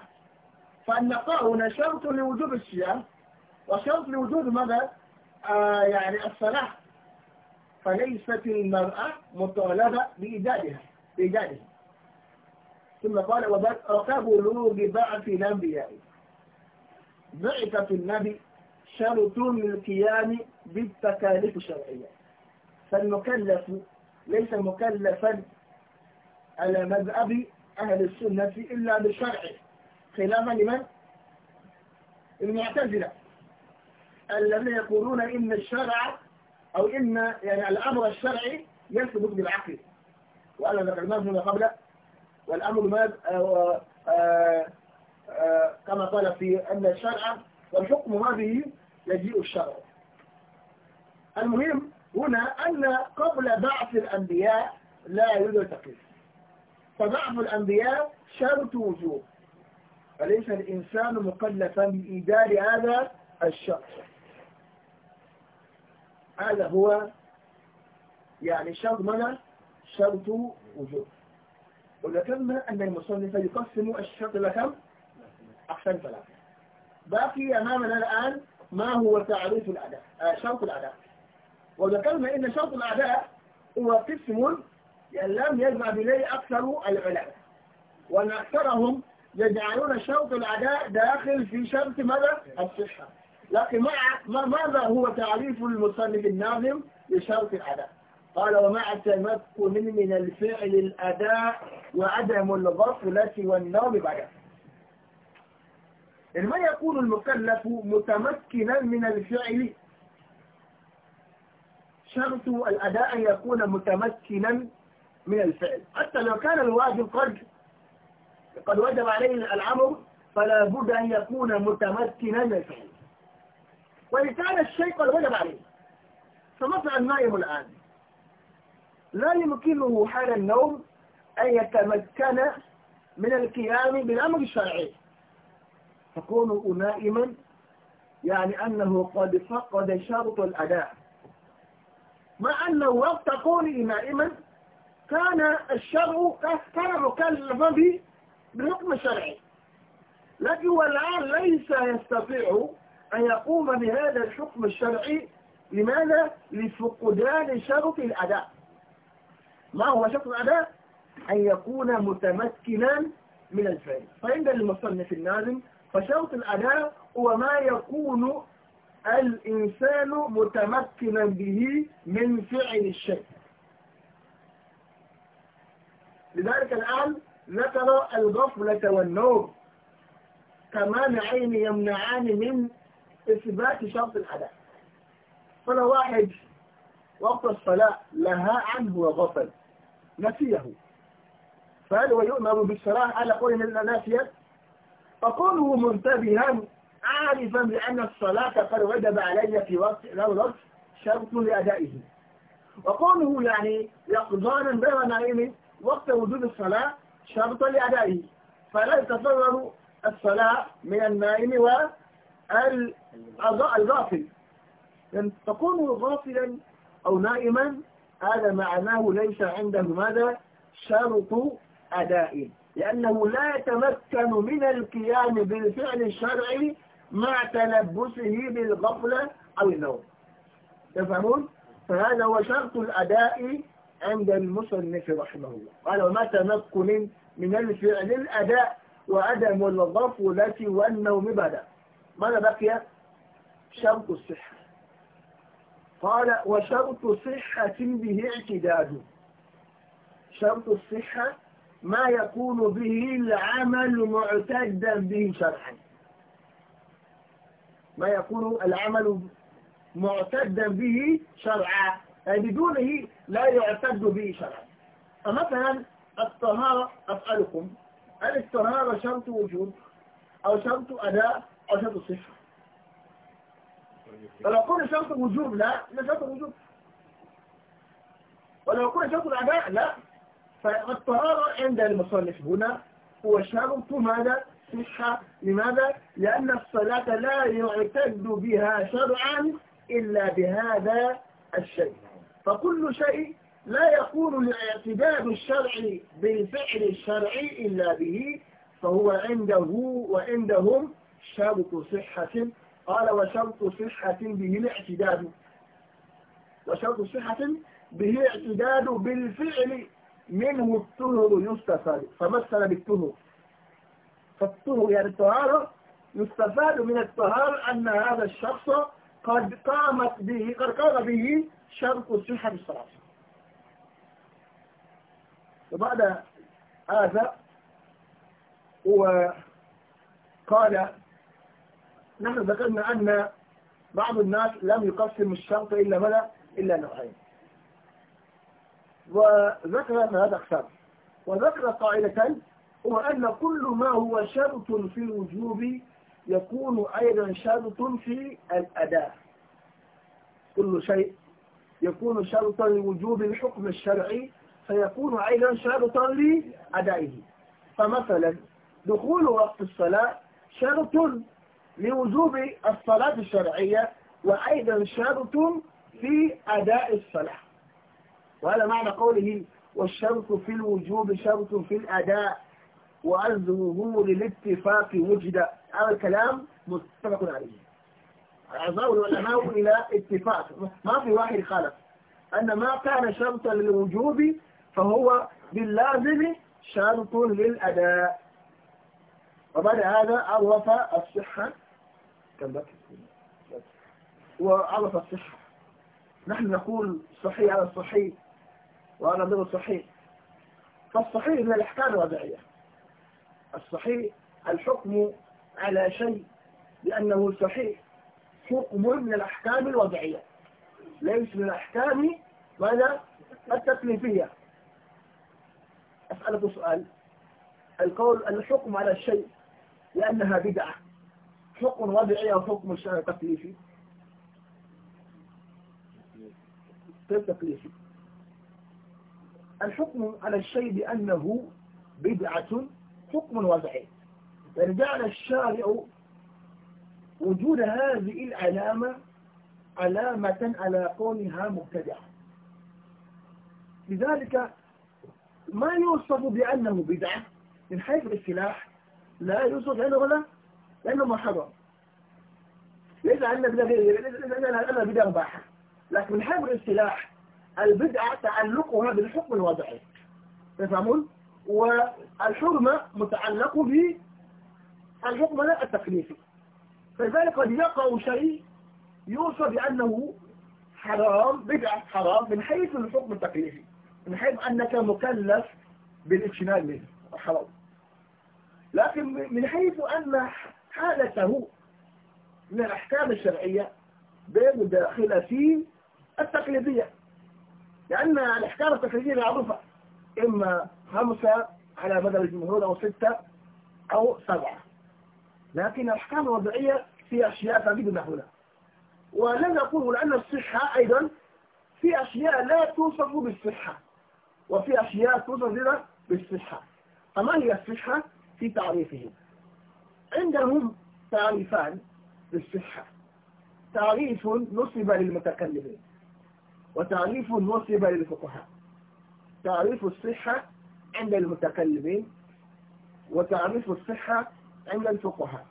فالنقاء هنا شرط لوجود الصيام وشرط لوجود ماذا؟ آه يعني الصلاة فليست المرأة مطالبة بإيجادها بإيجادها ثم قال وقبلوا ببعث الأنبياء بعثة النبي شرط للقيام بالتكاليف الشرعية فالمكلف ليس مكلفا على مذهب أهل السنة إلا بشرعه خلافا لمن؟ المعتزلة الذين يقولون إن الشرع أو إن يعني الأمر الشرعي يثبت بالعقل وأنا ذكرناه هنا قبل والأمر آه،, آه،, آه كما قال في أن الشرع والحكم هذه يجيء الشرع المهم هنا أن قبل بعث الأنبياء لا يوجد تكليف فبعث الأنبياء شرط وجوب فليس الإنسان مكلفا بإيجاد هذا الشخص هذا هو يعني شرط منع شرط وجود وذكرنا أن المصنف يقسم الشرط لكم أحسن ثلاثة باقي أمامنا الآن ما هو تعريف الأداء آه شرط الأداء وذكرنا أن شرط الأداء هو قسم يعني لم يجمع بليه أكثر العلماء وأن أكثرهم يجعلون شرط الأداء داخل في شرط ماذا؟ الصحة لكن مع ماذا هو تعريف المصنف الناظم لشرط الأداء؟ قال ومع تمكن من الفعل الأداء وعدم الغفلة والنوم بعده ما يكون المكلف متمكنا من الفعل شرط الأداء أن يكون متمكنا من الفعل حتى لو كان الواجب قد قد وجب عليه الأمر فلا بد أن يكون متمكنا من الفعل وإن كان الشيء قد وجب عليه فمثلا النائم الآن لا يمكنه حال النوم أن يتمكن من القيام بالأمر الشرعي فكونه نائما يعني أنه قد فقد شرط الأداء مع أنه وقت كونه نائما كان الشرع كان مكلفا به بحكم شرعي لكن هو الآن ليس يستطيع أن يقوم بهذا الحكم الشرعي لماذا؟ لفقدان شرط الأداء ما هو شرط الأداء؟ أن يكون متمكنا من الفعل فعند المصنف النازم فشرط الأداء هو ما يكون الإنسان متمكنا به من فعل الشيء لذلك الآن ذكر الغفلة والنوم نعين يمنعان من إثبات شرط الأداء فلا واحد وقت الصلاة لها عنه وغفل نسيه فهل هو يؤمر بالصلاة على قول من الناسية فقوله منتبها عارفا بأن الصلاة قد وجب علي في وقت لو وقت شرط لأدائه وقوله يعني يقظانا بين نائم وقت وجود الصلاة شرطا لأدائه فلا يتفرر الصلاة من النائم والغافل لن تكون غافلا أو نائما هذا معناه ليس عنده ماذا شرط أدائه لأنه لا يتمكن من القيام بالفعل الشرعي مع تلبسه بالغفلة أو النوم تفهمون؟ فهذا هو شرط الأداء عند المصنف رحمه الله قال وما تمكن من الفعل الأداء وعدم الغفلة والنوم بدا ماذا بقي شرط الصحة قال وشرط صحة به اعتداد شرط الصحة ما يكون به العمل معتدا به شرعا ما يكون العمل معتدا به شرعا بدونه لا يعتد به شرعا فمثلا الطهارة أسألكم هل الطهارة شرط وجود أو شرط أداء أو شرط صفة فلو قلنا شرط وجوب لا لا شرط وجوب ولو قلنا شرط الأداء لا فالطهارة عند المصنف هنا هو شرط ماذا صحة لماذا؟ لأن الصلاة لا يعتد بها شرعا إلا بهذا الشيء فكل شيء لا يكون الاعتداد الشرعي بالفعل الشرعي إلا به فهو عنده وعندهم شرط صحة قال وشرط صحة به الاعتداد وشرط صحة به الاعتداد بالفعل منه الطهر يستفاد فمثل بالطهر فالطهر يعني الطهارة يستفاد من الطهارة أن هذا الشخص قد قامت به قد قام به شرط صحة الصلاة وبعد هذا هو قال نحن ذكرنا أن بعض الناس لم يقسم الشرط إلا ماذا إلا نوعين وذكر هذا أكثر وذكر قاعدة هو أن كل ما هو شرط في الوجوب يكون أيضا شرط في الأداء كل شيء يكون شرطا لوجوب الحكم الشرعي فيكون أيضا شرطا لأدائه فمثلا دخول وقت الصلاة شرط لوجوب الصلاة الشرعية وأيضا شرط في أداء الصلاة وهذا معنى قوله والشرط في الوجوب شرط في الأداء وأنزهه للاتفاق وجد هذا الكلام متفق عليه أعضاء العلماء إلى اتفاق ما في واحد خالف أن ما كان شرطا للوجوب فهو باللازم شرط للأداء وبعد هذا عرف الصحة كم وعرف الصحة نحن نقول صحيح على الصحيح وعلى غير الصحيح فالصحيح من الأحكام الوضعية الصحيح الحكم على شيء لأنه صحيح أمور من الأحكام الوضعية ليس من الأحكام ماذا التكليفية أسألك سؤال القول الحكم على الشيء لأنها بدعة حكم وضعي أو حكم تكليفي غير تكليفي الحكم على الشيء بأنه بدعة حكم وضعي يعني جعل الشارع وجود هذه العلامة علامة على كونها مبتدعة لذلك ما يوصف بأنه بدعة من حيث الاصطلاح لا يوصف لأنه ولا لأنه محرم ليس أن البدعة بدعة مباحة لكن من حيث الاصطلاح البدعة تعلقها بالحكم الوضعي تفهمون؟ والحرمة متعلقة بالحكم التكليفي فذلك قد يقع شيء يوصى بأنه حرام بدعة حرام من حيث الحكم التقليدي من حيث أنك مكلف بالاجتناب منه حرام لكن من حيث أن حالته من الأحكام الشرعية بين داخلة في التقليدية لأن الأحكام التقليدية معروفة إما خمسة على مدى الجمهور أو ستة أو سبعة لكن الأحكام الوضعية في أشياء تجد هنا ولا نقول لأن الصحة أيضا في أشياء لا توصف بالصحة وفي أشياء توصف بالصحة فما هي الصحة في تعريفهم عندهم تعريفان للصحة تعريف نصب للمتكلمين وتعريف نصب للفقهاء تعريف الصحة عند المتكلمين وتعريف الصحة عند الفقهاء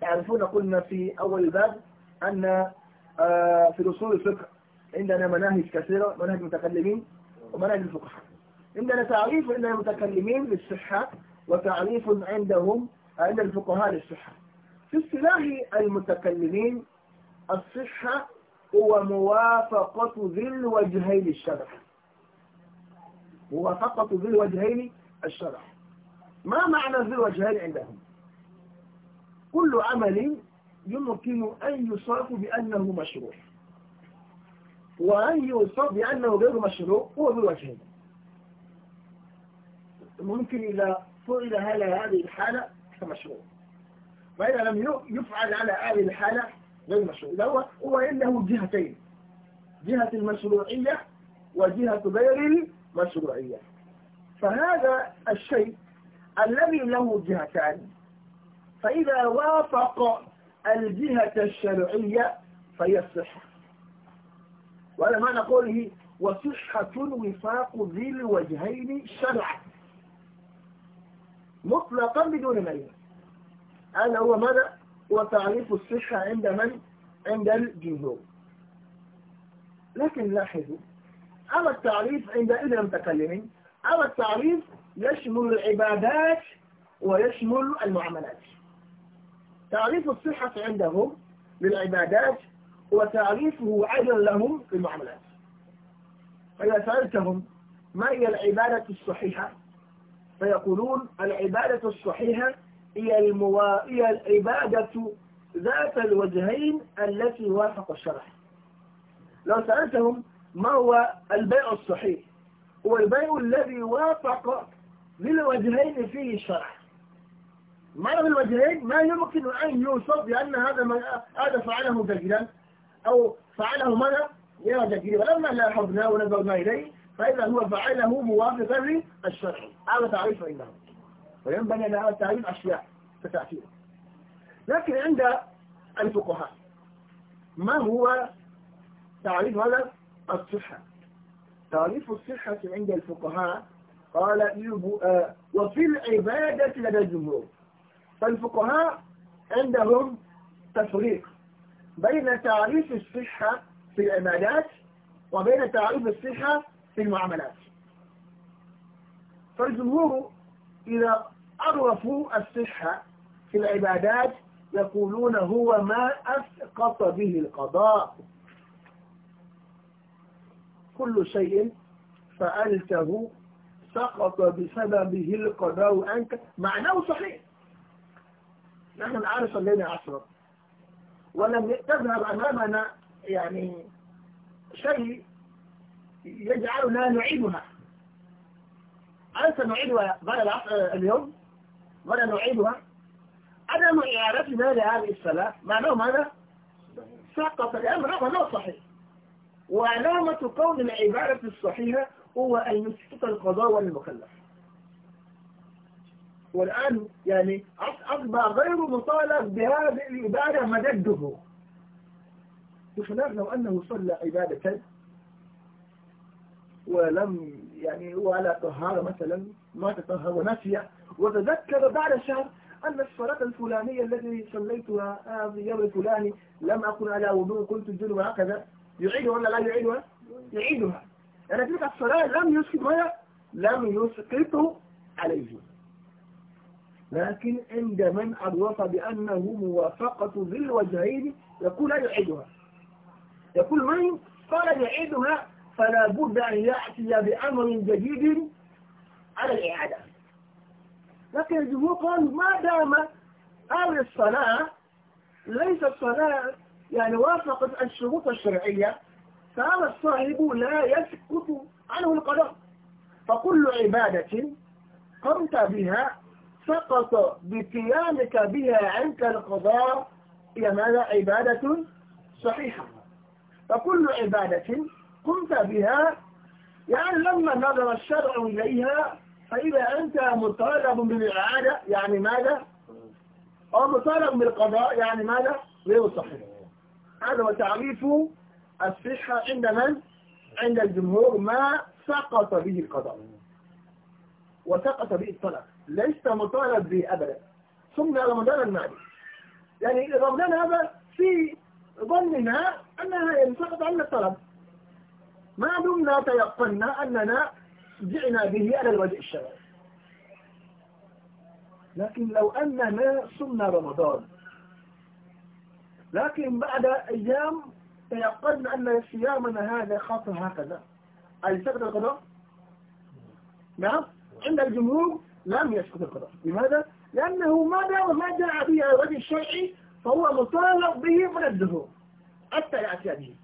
تعرفون قلنا في أول الباب أن آه، في الأصول الفقه عندنا مناهج كثيرة مناهج المتكلمين ومناهج الفقهاء عندنا تعريف عند المتكلمين للصحة وتعريف عندهم عند الفقهاء للصحة في اصطلاح المتكلمين الصحة هو موافقة ذي الوجهين الشرع موافقة ذي الوجهين الشرع ما معنى ذي الوجهين عندهم كل عمل يمكن أن يصاف بأنه مشروع وأن يصاف بأنه غير مشروع هو بوجهين ممكن إذا فعل على هذه الحالة كمشروع وإذا لم يفعل على هذه الحالة غير مشروع إذا هو هو له جهتين جهة المشروعية وجهة غير المشروعية فهذا الشيء الذي له جهتان فإذا وافق الجهة الشرعية فيصح وهذا معنى قوله وصحة الوفاق ذي الوجهين شرعا مطلقا بدون ميل هذا هو ماذا وتعريف الصحة عند من عند الجمهور لكن لاحظوا أما التعريف عند إذن المتكلمين أما التعريف يشمل العبادات ويشمل المعاملات تعريف الصحة عندهم للعبادات هو تعريفه عدل لهم في المعاملات فإذا سألتهم ما هي العبادة الصحيحة فيقولون العبادة الصحيحة هي, الموا... هي العبادة ذات الوجهين التي وافق الشرع لو سألتهم ما هو البيع الصحيح هو البيع الذي وافق للوجهين فيه الشرع مرض الوجهين ما يمكن أن يوصف بأن هذا ما هذا فعله دجلا أو فعله ماذا يا دجلي ولما لاحظناه ونظرنا إليه فإذا هو فعله موافقا للشرع هذا تعريف عنده وينبني على هذا التعريف أشياء تتأثيره لكن عند الفقهاء ما هو تعريف هذا الصحة تعريف الصحة عند الفقهاء قال إيه، آه، وفي العبادة لدى الجمهور فالفقهاء عندهم تفريق بين تعريف الصحة في العبادات وبين تعريف الصحة في المعاملات فالجمهور إذا عرفوا الصحة في العبادات يقولون هو ما أسقط به القضاء كل شيء فعلته سقط بسببه القضاء أنك معناه صحيح نحن الآن صلينا عصرا ولم تذهب أمامنا يعني شيء يجعلنا نعيدها أليس نعيدها بعد اليوم ولا نعيدها عدم إعارتنا لهذه الصلاة معناه ماذا؟ سقط الأمر هذا لا صحيح وعلامة كون العبارة الصحيحة هو أن يسقط القضاء والمكلف والآن يعني أصبح غير مطالب بهذه العبادة مدده بخلاف لو أنه صلى عبادة ولم يعني هو على طهارة مثلا ما تطهر ونسي وتذكر بعد شهر أن الصلاة الفلانية التي صليتها هذه يوم الفلاني لم أكن على وضوء كنت جنوب هكذا يعيدها ولا لا يعيدها؟ يعيدها يعني تلك الصلاة لم يسقطها لم يسقطه عليه لكن عند من عرف بأنه موافقة ذي الوجهين يقول لا يعيدها يقول من قال يعيدها فلا بد أن يأتي بأمر جديد على الإعادة لكن الجمهور قال ما دام أهل الصلاة ليست صلاة يعني وافقت الشروط الشرعية فهذا الصاحب لا يسكت عنه القضاء فكل عبادة قمت بها سقط بقيامك بها عنك القضاء هي ماذا عبادة صحيحة فكل عبادة قمت بها يعني لما نظر الشرع إليها فإذا أنت مطالب بالإعادة يعني ماذا أو مطالب بالقضاء يعني ماذا غير صحيح هذا هو تعريف الصحة عند من عند الجمهور ما سقط به القضاء وسقط به الطلب ليس مطالب به أبدا ثم على مدار المعنى يعني رمضان هذا في ظننا أنها فقط عنا الطلب ما دمنا تيقنا أننا جئنا به على الوجه الشرعي لكن لو أننا صمنا رمضان لكن بعد أيام تيقنا أن صيامنا هذا خاطر هكذا أليس القضاء؟ نعم عند الجمهور لم يسقط القدر لماذا؟ لأنه ما دام ما جاء به الرجل الشرعي فهو مطالب به من حتى يأتي به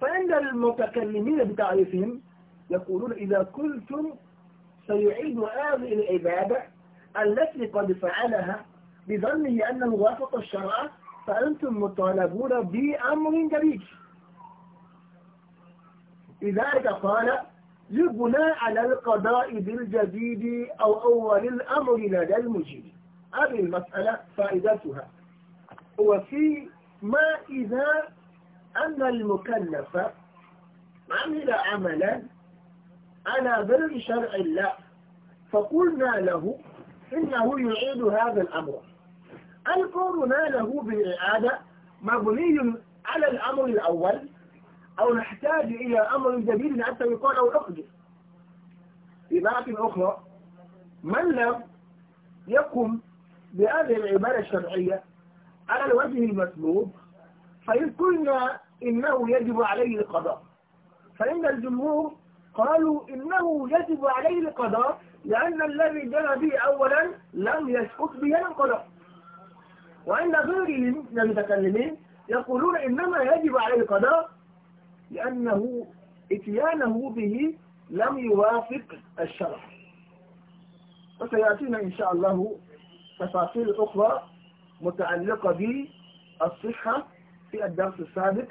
فإن المتكلمين بتعريفهم يقولون إذا كنتم سيعيد هذه العبادة التي قد فعلها بظنه أنه وافق الشرع فأنتم مطالبون بأمر جديد لذلك قال يبنى على القضاء بالجديد أو أول الأمر لدى المجيد هذه المسألة فائدتها وفي ما إذا أن المكلف عمل عملا على غير شرع الله فقلنا له إنه يعيد هذا الأمر القول له بالإعادة مبني على الأمر الأول أو نحتاج إلى أمر جديد حتى يقال أو أحدث عبارة أخرى من لم يقم بهذه العبادة الشرعية على الوجه المطلوب فإن قلنا إنه يجب عليه القضاء فإن الجمهور قالوا إنه يجب عليه القضاء لأن الذي جرى به أولا لم يسقط به القضاء وإن غيرهم من المتكلمين يقولون إنما يجب عليه القضاء لأنه إتيانه به لم يوافق الشرع وسيأتينا إن شاء الله تفاصيل أخرى متعلقة بالصحة في الدرس السابق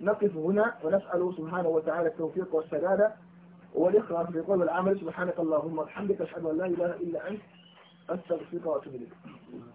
نقف هنا ونسأل سبحانه وتعالى التوفيق والسدادة والإخلاص في قول العمل سبحانك اللهم وبحمدك أشهد أن لا إله إلا أنت أستغفرك وأتوب إليك